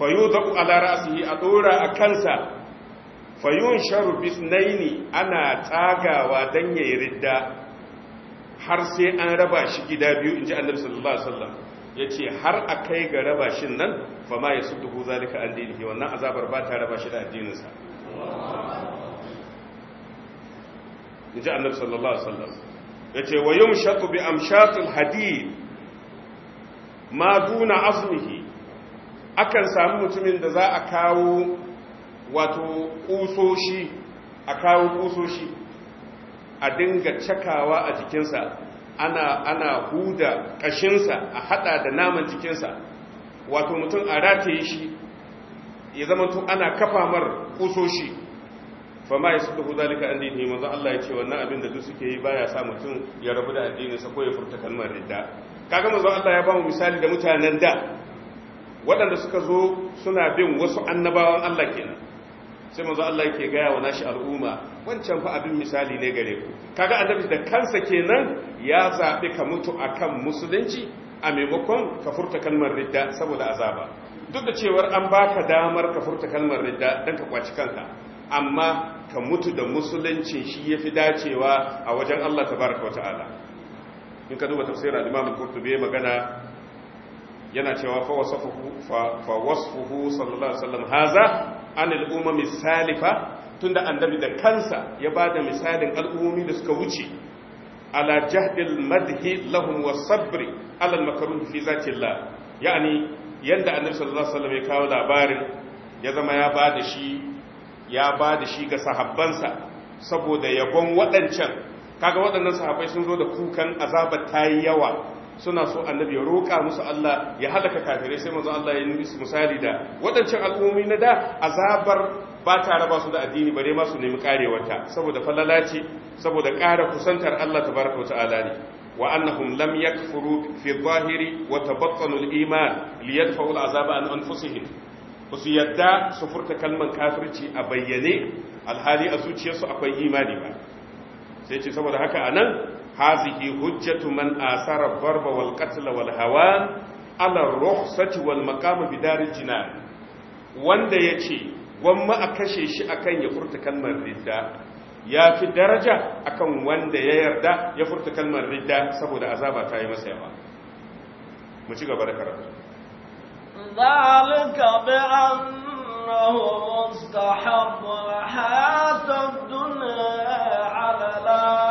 Fayu fayudau ala ra'sihi a dora a kansa fayun sharu bisnaini ana tsagawa dan yayi ridda har sai an raba shi gida biyu In ji annabi sallallahu alaihi Ya ce har a kai ga raba shi nan fa ma yasudduhu zalika an dinihi wannan azabar ba ta raba shi da addininsa In ji annabi sallallahu alaihi Ya ce wa yumshatu bi amshatil hadid ma duna azmihi akan samu mutumin da za a kawo wato kusoshi a kawo kusoshi a dinga cakawa a jikinsa ana ana huda kashinsa a hada da naman jikinsa wato mutum a rataye shi ya zama to ana kafa mar kusoshi fama ya suka ku zalika an dini manzo Allah ya ce wannan abin da duk suke yi baya sa mutum ya rabu da addinin sa ko ya furta kalmar ridda kaga manzo Allah ya ba mu misali da mutanen da waɗanda suka zo suna bin wasu annabawan Allah kenan sai manzo Allah yake gaya wa nashi al'umma wancan fa abin misali ne gare ku kaga annabi da kansa kenan ya zaɓi ka mutu akan musulunci a maimakon ka furta kalmar ridda saboda azaba duk da cewar an baka damar ka furta kalmar ridda dan ka kwaci kanka amma ka mutu da musulunci shi yafi dacewa a wajen Allah tabaraka wa ta'ala in ka duba tafsirin Imam Qurtubi magana yana cewa fa fa wasfuhu sallallahu alaihi wasallam haza anil umami salifa tunda annabi da kansa ya bada misalin al'ummi da suka wuce ala jahdil madhi lahum wa ala al makruh fi zatillah yani yanda annabi sallallahu alaihi wasallam ya kawo labarin ya zama ya bada shi ya bada shi ga sahabbansa saboda yabon waɗancan kaga waɗannan sahabbai sun zo da kukan azabar tayi yawa suna so annabi ya roƙa musu Allah ya halaka kafirai sai manzo Allah ya nuna misali da waɗancan al'ummi na da azabar ba ta raba su da addini bare ma su nemi karewarta saboda falala ce saboda ƙara kusantar Allah tabaraka wa ta'ala ne wa annahum lam yakfuru fi zahiri wa tabattanu al-iman liyadfa'u al-azaba an anfusihim su yadda su furta kalman kafirci a bayyane alhali a zuciyarsu akwai imani ba sai ce saboda haka anan hazihi hujjatu man asara barba wal qatl wal hawan ala rukhsati wal maqam bidar jinan wanda yace a kashe shi akan ya furta kalmar ridda ya fi daraja akan wanda ya yarda ya furta kalmar ridda saboda azaba ta yi masa yawa mu ci gaba da karatu ذلك بأنه مستحب الحياة الدنيا على الآخرة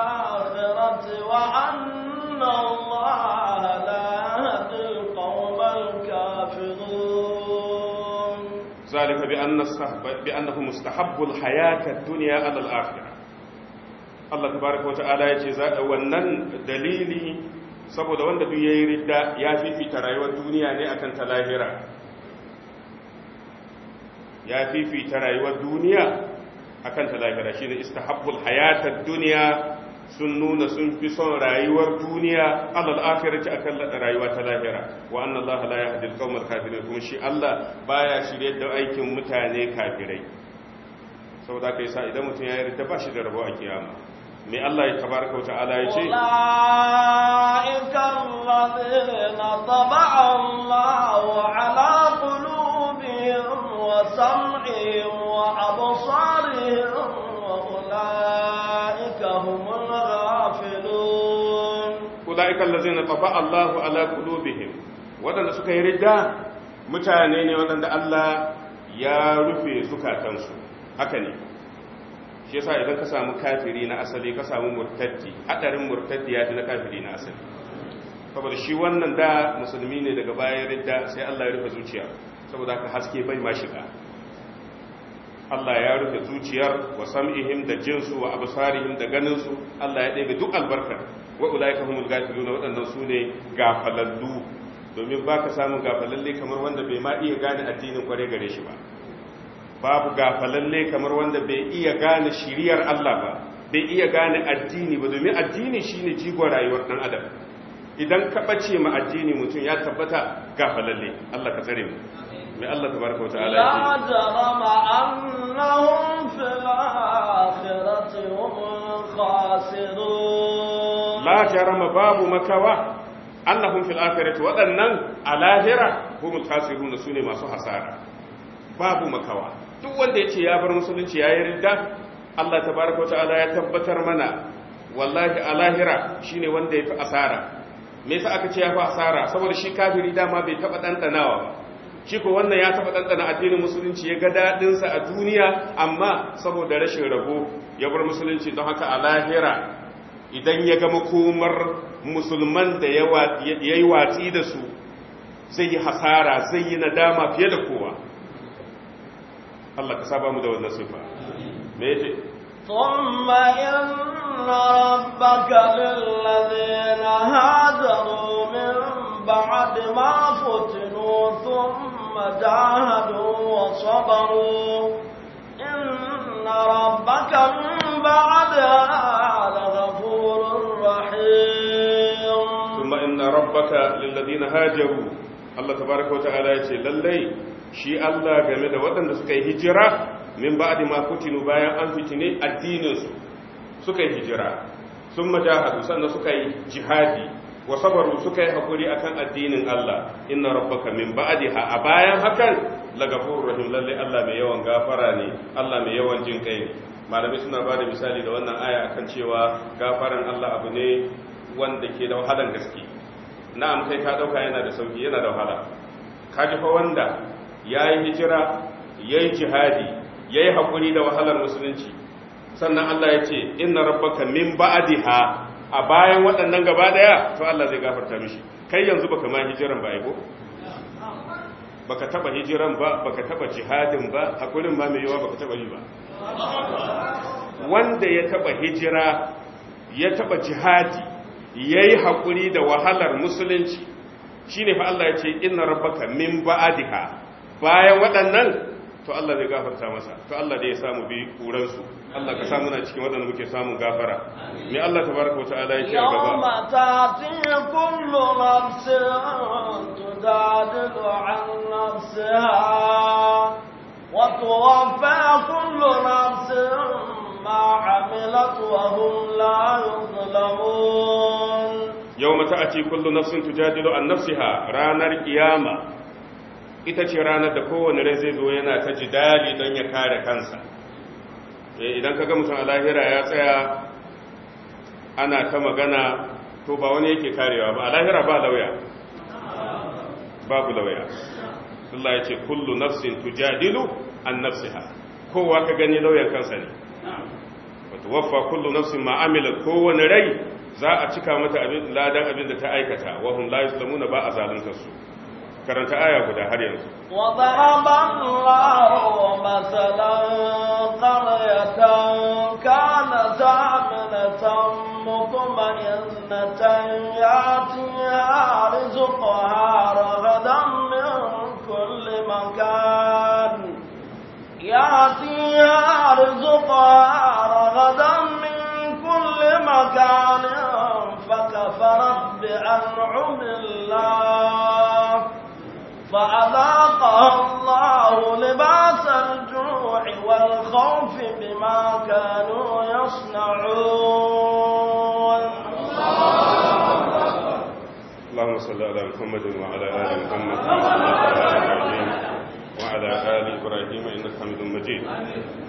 ذلك بأن الصحب بأنهم مستحب الحياة الدنيا على الآخرة. الله تبارك وتعالى يجزا ونن دليلي سبب وند الدنيا يريد يا في في تراي والدنيا نية أكن تلاهرة. يا في في تراي والدنيا أكن تلاهرة. شين استحب الحياة الدنيا sun nuna sun fi son rayuwar duniya alal akhirati akan rayuwa ta lahira wa anna allaha la yahdi al-qawmal kafirin kuma shi Allah baya shirye da aikin mutane kafirai saboda kai yasa idan mutum ya yarda ba shi da rabo a kiyama me Allah ya tabaraka wa ta'ala ya ce ulaika alladhina taba'a ala qulubihim wa sam'ihim wa absarihim ulaika allazina tafa Allahu ala qulubihim wadanda suka yi ridda mutane ne wadanda Allah ya rufe zukatansu haka ne shi yasa idan ka samu kafiri na asali ka samu murtaddi hadarin murtaddi ya fi na kafiri na asali saboda shi wannan da musulmi ne daga bayan ridda sai Allah ya rufe zuciya saboda haka haske bai ma shiga Allah ya rufe zuciyar wa sam'ihim da jinsu wa absarihim da ganin su Allah ya ɗebe duk albarkar wa ulaika humul na waɗannan su ne gafalallu domin ka samu gafalalle kamar wanda bai ma iya gane addinin kware gare shi ba babu gafalalle kamar wanda bai iya gane shiriyar Allah ba bai iya gane addini ba domin addini shine jigon rayuwar dan adam idan ka bace ma addini mutum ya tabbata gafalalle Allah ka tsare mu mai Allah tabaraka wa ta'ala ya jarama annahum fil akhirati hum khasirun la jarama babu makawa annahum fil akhirati waɗannan a lahira humul khasiruna sune masu hasara babu makawa duk wanda yace ya bar musulunci yayi ridda Allah tabaaraka ta'ala ya tabbatar mana wallahi a lahira shine wanda yafi asara me yasa aka ce yafi asara saboda shi kafiri dama bai taba dandanawa ba shi ko wannan ya taba dandana addinin musulunci ya ga dadin sa a duniya amma saboda rashin rabo ya bar musulunci don haka a lahira idan ya ga makomar musulman da ya yi watsi da su zai yi hasara zai yi nadama fiye da kowa Allah ka saba mu da wannan sifa me yake thumma inna rabbaka na hajjaro min ba'd ma futinu thumma jahadu wa sabaru inna rabbaka min a rabbaka lilladina hajaru Allah tabaraka wata'ala ta'ala yace lallai shi Allah game da waɗanda suka yi hijira min ba'di ma kutinu bayan an fitine addinin su suka yi hijira sun majahadu sannan suka yi jihadi wa sabaru suka yi hakuri akan addinin Allah inna rabbaka min ba'diha a bayan hakan lagafurur rahim lalle Allah mai yawan gafara ne Allah mai yawan jin kai ne malami suna da misali da wannan aya akan cewa gafaran Allah abu ne wanda ke da wahalan gaske na'am kai ka dauka yana da sauki yana da wahala kaji fa wanda yayi hijira yayi jihadi yayi hakuri da wahalar musulunci sannan Allah ya ce inna rabbaka min ba'diha a bayan waɗannan gaba daya to Allah zai gafarta mishi kai yanzu baka ma hijiran ba aiko baka taba hijiran ba baka taba jihadin ba hakurin ma mai yawa baka taba yi ba wanda ya taba hijira ya taba jihadi yayi hakuri da wahalar musulunci shine fa Allah ya ce inna rabbaka min ba'adika bayan waɗannan to Allah zai gafarta masa to Allah da ya samu bi kuran su Allah ka samu na cikin waɗanda muke samun gafara me Allah tabaraka wata'ala ya ce gaba yawma ta'ti kullu nafsin tudadu an nafsiha wa tuwaffa kullu nafsin ma 'amilat wa hum la yuzlamun yau mata a ce kullu nafsin tujadilu an nafsiha ranar kiyama ita ce ranar da kowane rai zai zo yana ta jidali don ya kare kansa eh, idan ka ga mutum a lahira ya tsaya ana ta magana to ba wani yake karewa ba a lahira ba lauya babu lauya Allah ya ce kullu nafsin tujadilu an nafsiha kowa ka gani lauyan kansa ne wato waffa kullu nafsin ma amilat kowane rai za a cika mata abin ladan abin da ta aikata wa hum la yuslamuna ba a zalunta karanta aya guda har yanzu wa daraba Allahu masalan qaryatan kanat aminatan mutma'innatan ya'tiha rizqaha ragadan min kulli makan ya'tiha rizqaha ragadan مكان فكفرت بأنعم الله فأذاق الله لباس الجوع والخوف بما كانوا يصنعون اللهم صل على محمد وعلى آل محمد وعلى آل إبراهيم وعلى آل إبراهيم إنك حميد مجيد آمين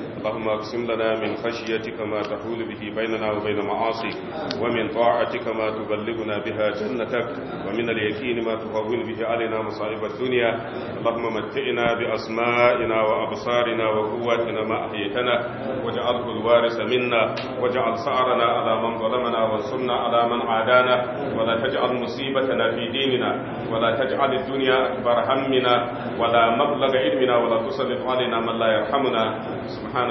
اللهم اقسم لنا من خشيتك ما تحول به بيننا وبين معاصيك ومن طاعتك ما تبلغنا بها جنتك ومن اليقين ما تهون به علينا مصائب الدنيا اللهم متئنا بأسمائنا وأبصارنا وقواتنا ما أحيتنا واجعله الوارث منا واجعل صعرنا على من ظلمنا وانصرنا على من عادانا ولا تجعل مصيبتنا في ديننا ولا تجعل الدنيا أكبر همنا ولا مبلغ علمنا ولا تسلط علينا من لا يرحمنا سبحان